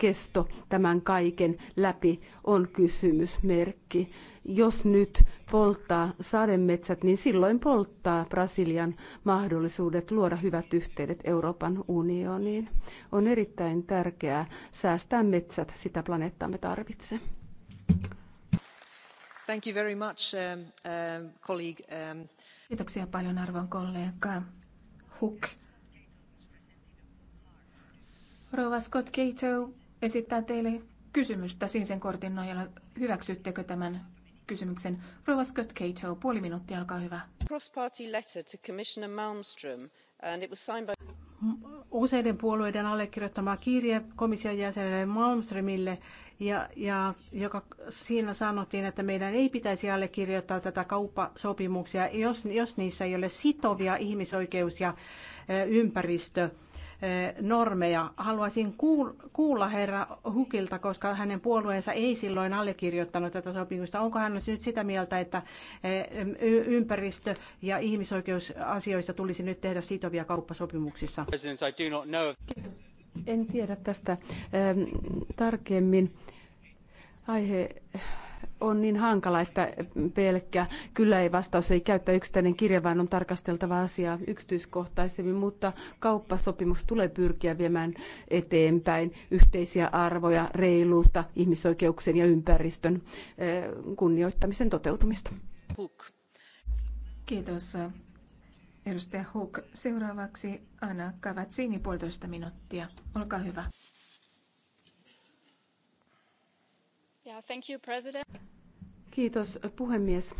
kesto tämän kaiken läpi on kysymysmerkki. Jos nyt polttaa sademetsät, niin silloin polttaa Brasilian mahdollisuudet luoda hyvät yhteydet Euroopan unioniin. On erittäin tärkeää säästää metsät, sitä planeettamme tarvitsee. Thank you very much, um, um, colleague. Um... Kiitoksia paljon arvon kollega Hook. Rova Scott Cato esittää teille kysymystä sinisen kortin nojalla. Hyväksyttekö tämän kysymyksen? Rova Scott Cato, puoli minuuttia, olkaa hyvä. Cross-party letter to Commissioner Malmström and it was signed by... Useiden puolueiden allekirjoittama kirje komission jäsenelle Malmströmille, ja, ja, joka siinä sanottiin, että meidän ei pitäisi allekirjoittaa tätä kauppasopimuksia, jos, jos niissä ei ole sitovia ihmisoikeus- ja ympäristö Eh, normeja. Haluaisin kuulla herra Hukilta, koska hänen puolueensa ei silloin allekirjoittanut tätä sopimusta. Onko hän nyt sitä mieltä, että eh, ympäristö- ja ihmisoikeusasioista tulisi nyt tehdä sitovia kauppasopimuksissa? Kiitos. En tiedä tästä eh, tarkemmin. Aihe on niin hankala, että pelkkä kyllä ei vastaus ei käyttä yksittäinen kirja, vaan on tarkasteltava asiaa yksityiskohtaisemmin, mutta kauppasopimus tulee pyrkiä viemään eteenpäin yhteisiä arvoja, reiluutta, ihmisoikeuksien ja ympäristön eh, kunnioittamisen toteutumista. Huk. Kiitos. Edustaja Huk. Seuraavaksi Anna Kavatsini puolitoista minuuttia. Olkaa hyvä. thank you, president. Kiitos puhemies.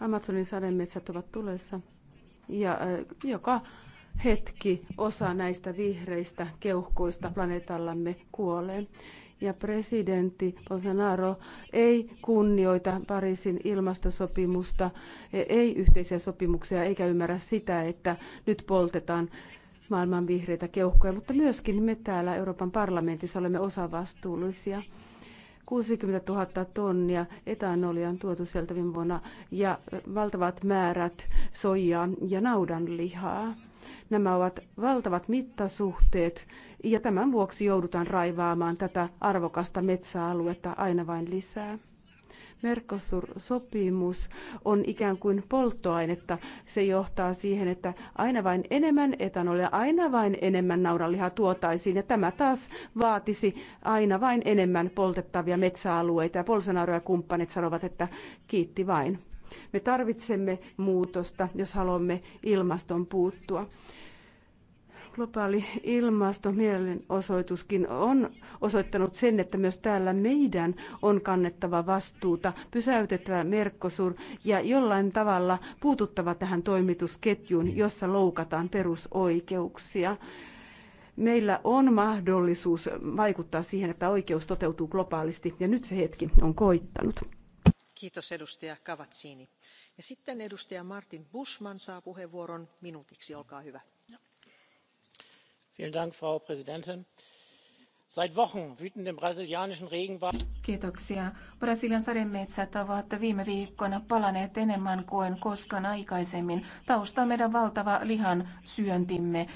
Amazonin sademetsät ovat tulessa ja äh, joka hetki osa näistä vihreistä keuhkoista planeetallamme kuolee. Ja presidentti Bolsonaro ei kunnioita Pariisin ilmastosopimusta, e, ei yhteisiä sopimuksia, eikä ymmärrä sitä, että nyt poltetaan maailman vihreitä keuhkoja, mutta myöskin me täällä Euroopan parlamentissa olemme osavastuullisia. 60 000 tonnia etanolia on tuotu sieltä viime vuonna ja valtavat määrät soijaa ja naudanlihaa. Nämä ovat valtavat mittasuhteet ja tämän vuoksi joudutaan raivaamaan tätä arvokasta metsäaluetta aina vain lisää. Mercosur-sopimus on ikään kuin polttoainetta. Se johtaa siihen, että aina vain enemmän etanolia, aina vain enemmän naudanlihaa tuotaisiin ja tämä taas vaatisi aina vain enemmän poltettavia metsäalueita ja Bolsonaro ja kumppanit sanovat, että kiitti vain. Me tarvitsemme muutosta, jos haluamme ilmaston puuttua. Globaali ilmastomielenosoituskin on osoittanut sen, että myös täällä meidän on kannettava vastuuta, pysäytettävä Mercosur ja jollain tavalla puututtava tähän toimitusketjuun, jossa loukataan perusoikeuksia. Meillä on mahdollisuus vaikuttaa siihen, että oikeus toteutuu globaalisti ja nyt se hetki on koittanut. Kiitos edustaja Kavatsiini. Ja sitten edustaja Martin Bushman saa puheenvuoron minuutiksi, olkaa hyvä frau präsidentin! seit wochen wüten im brasilianischen regenwald. Kiitoksia. Brasilian sademetsät ovat viime viikkoina palaneet enemmän kuin koskaan aikaisemmin. taustalla on meidän valtava lihan syöntimme.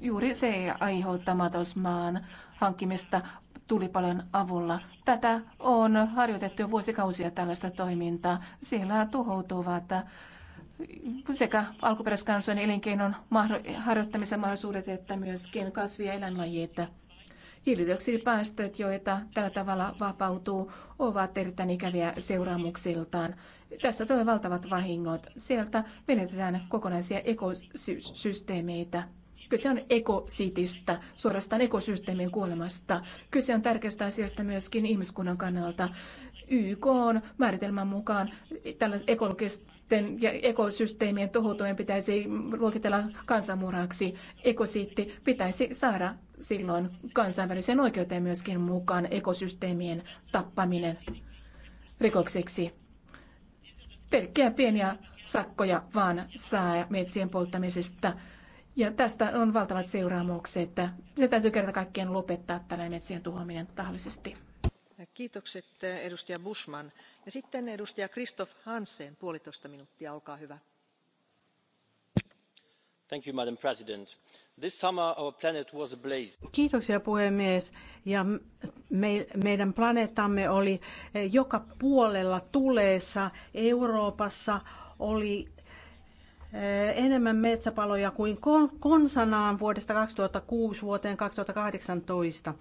Juuri se aiheuttaa matosmaan hankkimista tulipalon avulla. Tätä on harjoitettu jo vuosikausia tällaista toimintaa. Siellä tuhoutuvat sekä alkuperäiskansojen elinkeinon harjoittamisen mahdollisuudet että myöskin kasvi- ja eläinlajit. Hiilidioksidipäästöt, joita tällä tavalla vapautuu, ovat erittäin ikäviä seuraamuksiltaan. Tästä tulee valtavat vahingot. Sieltä menetetään kokonaisia ekosysteemeitä. Kyse on ekositistä, suorastaan ekosysteemien kuolemasta. Kyse on tärkeästä asiasta myöskin ihmiskunnan kannalta. YK on määritelmän mukaan tällä ekologista sitten ekosysteemien tuhoutuminen pitäisi luokitella kansanmurhaksi. Ekosiitti pitäisi saada silloin kansainväliseen oikeuteen myöskin mukaan ekosysteemien tappaminen rikokseksi. Pelkkiä pieniä sakkoja vaan saa metsien polttamisesta. Ja tästä on valtavat seuraamukset. Se täytyy kerta kaikkien lopettaa tällainen metsien tuhoaminen tahallisesti kiitokset eh, ja sitten puolitoista minuuttia hyvä. madam president this summer our planet was ablaze. Kiitoksia puhemies. Ja meidän planeettamme oli eh, joka puolella tulessa. Euroopassa oli Eh, enemmän metsäpaloja kuin konsanaan vuodesta 2006 vuoteen 2018.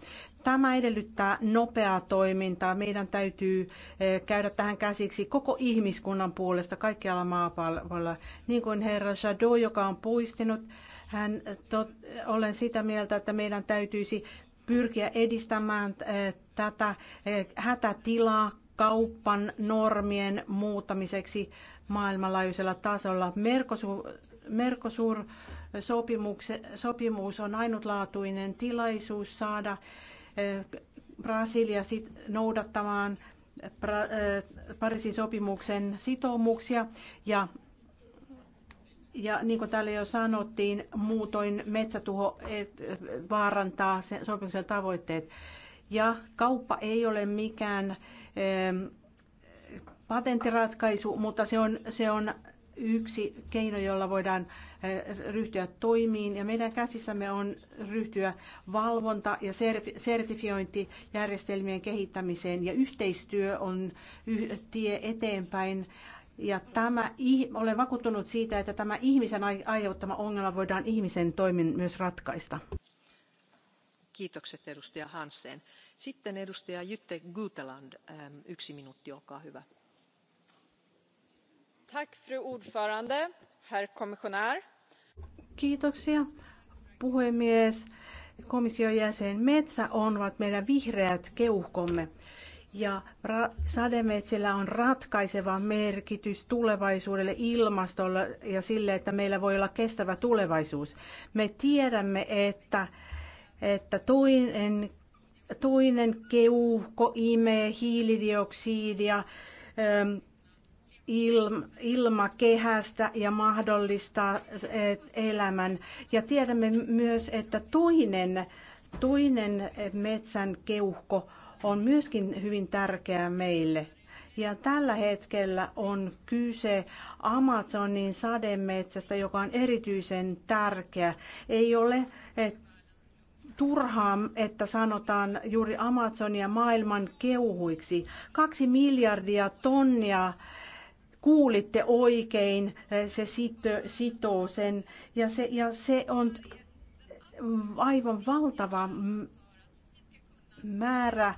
Tämä edellyttää nopeaa toimintaa. Meidän täytyy eh, käydä tähän käsiksi koko ihmiskunnan puolesta kaikkialla maapallolla. Niin kuin herra Shadow, joka on puistinut, hän tot, olen sitä mieltä, että meidän täytyisi pyrkiä edistämään eh, tätä hätätilaa kaupan normien muuttamiseksi maailmanlaajuisella tasolla. Mercosur-sopimus on ainutlaatuinen tilaisuus saada eh, Brasilia noudattamaan eh, Pariisin sopimuksen sitoumuksia ja ja niin kuin täällä jo sanottiin, muutoin metsätuho vaarantaa sopimuksen tavoitteet. Ja kauppa ei ole mikään eh, patenttiratkaisu, mutta se on, se on yksi keino, jolla voidaan eh, ryhtyä toimiin. Ja meidän käsissämme on ryhtyä valvonta- ja sertifiointijärjestelmien kehittämiseen. Ja yhteistyö on tie eteenpäin. Ja tämä, olen vakuuttunut siitä, että tämä ihmisen aiheuttama ongelma voidaan ihmisen toimin myös ratkaista. Kiitokset edustaja Hansen. Sitten edustaja Jytte Guteland, eh, yksi minuutti, olkaa hyvä Kiitoksia, puhemies. Komission jäsen, metsä on meidän vihreät keuhkomme ja sademetsillä on ratkaiseva merkitys tulevaisuudelle, ilmastolle ja sille, että meillä voi olla kestävä tulevaisuus. Me tiedämme, että, että toinen, toinen keuhko imee hiilidioksidia, ähm, ilmakehästä ja mahdollistaa elämän. Ja tiedämme myös, että toinen, toinen metsän keuhko on myöskin hyvin tärkeä meille. Ja tällä hetkellä on kyse Amazonin sademetsästä, joka on erityisen tärkeä. Ei ole et, turhaa, että sanotaan juuri Amazonia maailman keuhuiksi. Kaksi miljardia tonnia kuulitte oikein, eh, se sitoo sen ja se, ja se on aivan valtava määrä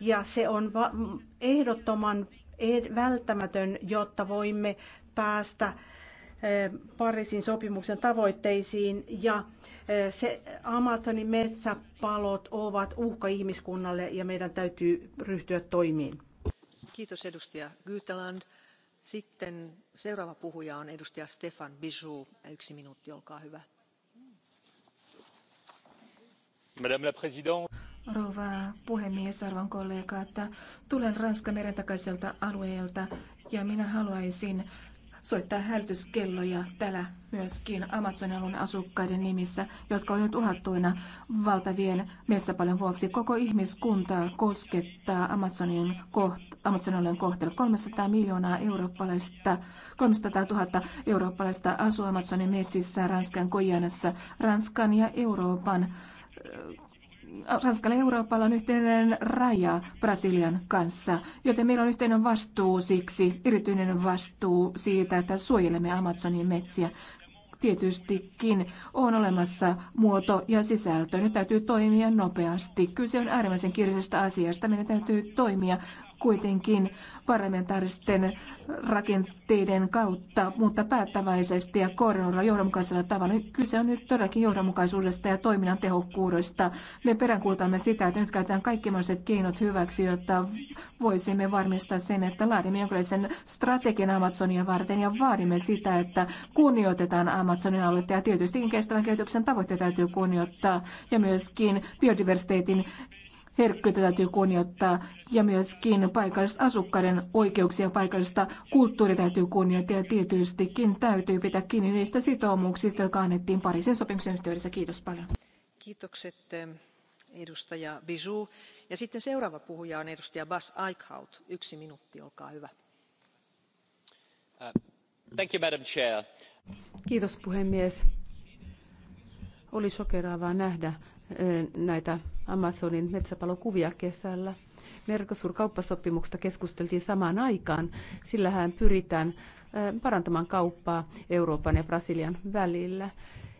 ja se on ehdottoman välttämätön, jotta voimme päästä eh, Pariisin sopimuksen tavoitteisiin ja eh, se Amazonin metsäpalot ovat uhka ihmiskunnalle ja meidän täytyy ryhtyä toimiin. Kiitos edustaja Gyteland sitten seuraava puhuja on edustaja Stefan Bijou. Yksi minuutti, olkaa hyvä. Madame Rouva puhemies, arvon kollegat, tulen Ranskan meren takaiselta alueelta ja minä haluaisin soittaa hälytyskelloja täällä myöskin alueen asukkaiden nimissä, jotka on nyt uhattuina valtavien metsäpalojen vuoksi. Koko ihmiskuntaa koskettaa Amazonin kohta olen kohtelu. 300 miljoonaa eurooppalaista, 300 000 eurooppalaista asuu Amazonin metsissä Ranskan Kojanassa. Ranskan ja Euroopan äh, Ranskalla ja Euroopalla on yhteinen raja Brasilian kanssa, joten meillä on yhteinen vastuu siksi, erityinen vastuu siitä, että suojelemme Amazonin metsiä. Tietystikin on olemassa muoto ja sisältö. Nyt täytyy toimia nopeasti. Kyse on äärimmäisen kirjallisesta asiasta. Meidän täytyy toimia kuitenkin parlamentaaristen rakenteiden kautta, mutta päättäväisesti ja koordinoidulla johdonmukaisella tavalla. Nyt kyse on nyt todellakin johdonmukaisuudesta ja toiminnan tehokkuudesta. Me peräänkuulutamme sitä, että nyt käytetään kaikki mahdolliset keinot hyväksi, jotta voisimme varmistaa sen, että laadimme jonkinlaisen strategian Amazonia varten ja vaadimme sitä, että kunnioitetaan Amazonin aluetta ja tietystikin kestävän kehityksen tavoitteita täytyy kunnioittaa ja myöskin biodiversiteetin herkkyyttä täytyy kunnioittaa ja myöskin paikallisasukkaiden oikeuksia paikallista kulttuuria täytyy kunnioittaa ja tietystikin täytyy pitää kiinni niistä sitoumuksista, jotka annettiin Pariisin sopimuksen yhteydessä. Kiitos paljon. Kiitokset eh, edustaja Bijou. Ja sitten seuraava puhuja on edustaja Bas Eichhout. Yksi minuutti, olkaa hyvä. Uh, thank you, Madam Chair. Kiitos puhemies. Oli sokeraavaa nähdä, näitä Amazonin metsäpalokuvia kesällä. Mercosur-kauppasopimuksesta keskusteltiin samaan aikaan. Sillähän pyritään parantamaan kauppaa Euroopan ja Brasilian välillä.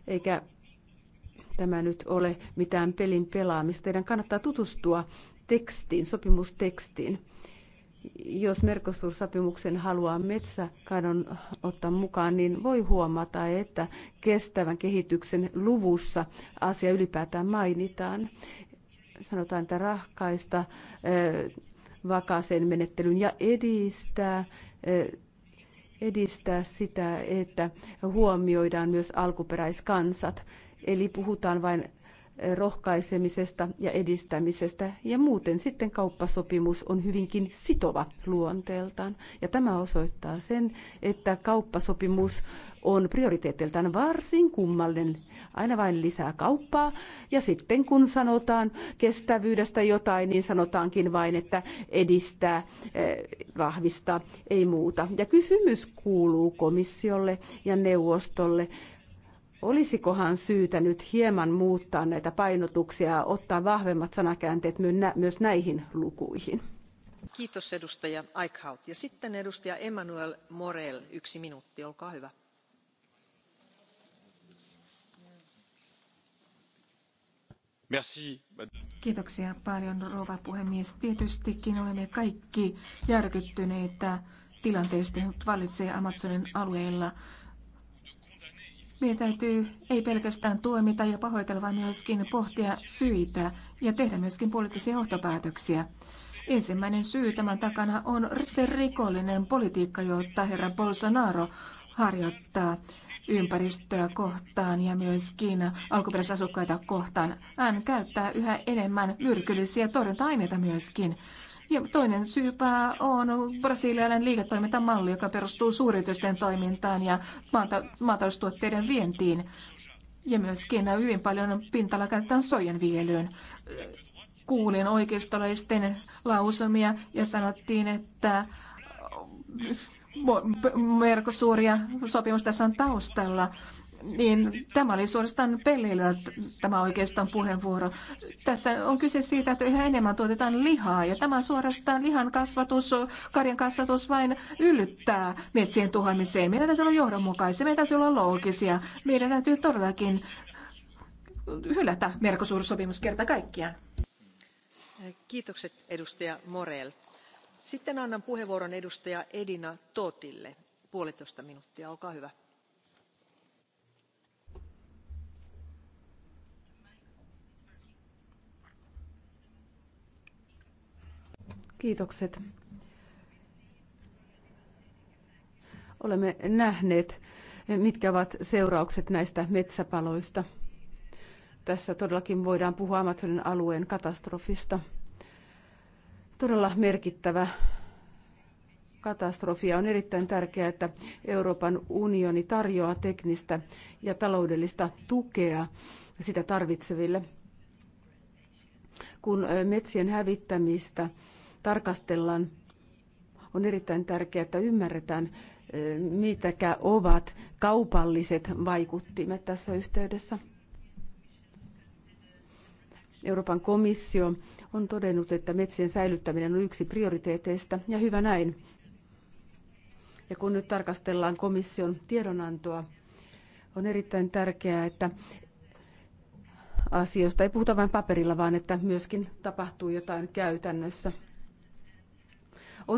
Eikä tämä nyt ole mitään pelin pelaamista. Teidän kannattaa tutustua tekstiin, sopimustekstiin jos mercosur sapimuksen haluaa metsäkadon ottaa mukaan, niin voi huomata, että kestävän kehityksen luvussa asia ylipäätään mainitaan. Sanotaan, että rahkaista vakaaseen menettelyyn ja edistää edistää sitä, että huomioidaan myös alkuperäiskansat. Eli puhutaan vain rohkaisemisesta ja edistämisestä. Ja muuten sitten kauppasopimus on hyvinkin sitova luonteeltaan. Ja tämä osoittaa sen, että kauppasopimus on prioriteetiltaan varsin kummallinen. Aina vain lisää kauppaa. Ja sitten kun sanotaan kestävyydestä jotain, niin sanotaankin vain, että edistää, eh, vahvistaa, ei muuta. Ja kysymys kuuluu komissiolle ja neuvostolle. Olisikohan syytä nyt hieman muuttaa näitä painotuksia ja ottaa vahvemmat sanakäänteet myös näihin lukuihin? Kiitos edustaja Eichhout. Ja sitten edustaja Emmanuel Morel, yksi minuutti, olkaa hyvä. Merci. Kiitoksia paljon, rouva puhemies. Tietystikin olemme kaikki järkyttyneitä tilanteesta, nyt vallitsee Amazonin alueella. Meidän täytyy ei pelkästään tuomita ja pahoitella, vaan myöskin pohtia syitä ja tehdä myöskin poliittisia johtopäätöksiä. Ensimmäinen syy tämän takana on se rikollinen politiikka, jota herra Bolsonaro harjoittaa ympäristöä kohtaan ja myöskin alkuperäisasukkaita kohtaan. Hän käyttää yhä enemmän myrkyllisiä torjunta-aineita myöskin. Ja toinen syypää on brasilialainen liiketoimintamalli, joka perustuu suuritysten toimintaan ja maata, maataloustuotteiden vientiin. Ja myöskin hyvin paljon pintala käytetään sojan viljelyyn. Kuulin oikeistolaisten lausumia ja sanottiin, että Merkosuuria sopimus tässä on taustalla niin tämä oli suorastaan pelleilyä tämä oikeastaan puheenvuoro. Tässä on kyse siitä, että yhä enemmän tuotetaan lihaa ja tämä suorastaan lihan kasvatus, karjan kasvatus vain yllyttää metsien tuhoamiseen. Meidän täytyy olla johdonmukaisia, meidän täytyy olla loogisia, meidän täytyy todellakin hylätä mercosur kerta kaikkiaan. Kiitokset edustaja Morel. Sitten annan puheenvuoron edustaja Edina Totille. Puolitoista minuuttia, olkaa hyvä Kiitokset. Olemme nähneet, mitkä ovat seuraukset näistä metsäpaloista. Tässä todellakin voidaan puhua Amazonin alueen katastrofista. Todella merkittävä katastrofi On erittäin tärkeää, että Euroopan unioni tarjoaa teknistä ja taloudellista tukea sitä tarvitseville. Kun metsien hävittämistä tarkastellaan, on erittäin tärkeää, että ymmärretään, eh, mitäkä ovat kaupalliset vaikuttimet tässä yhteydessä. Euroopan komissio on todennut, että metsien säilyttäminen on yksi prioriteeteista, ja hyvä näin. Ja kun nyt tarkastellaan komission tiedonantoa, on erittäin tärkeää, että asioista ei puhuta vain paperilla, vaan että myöskin tapahtuu jotain käytännössä.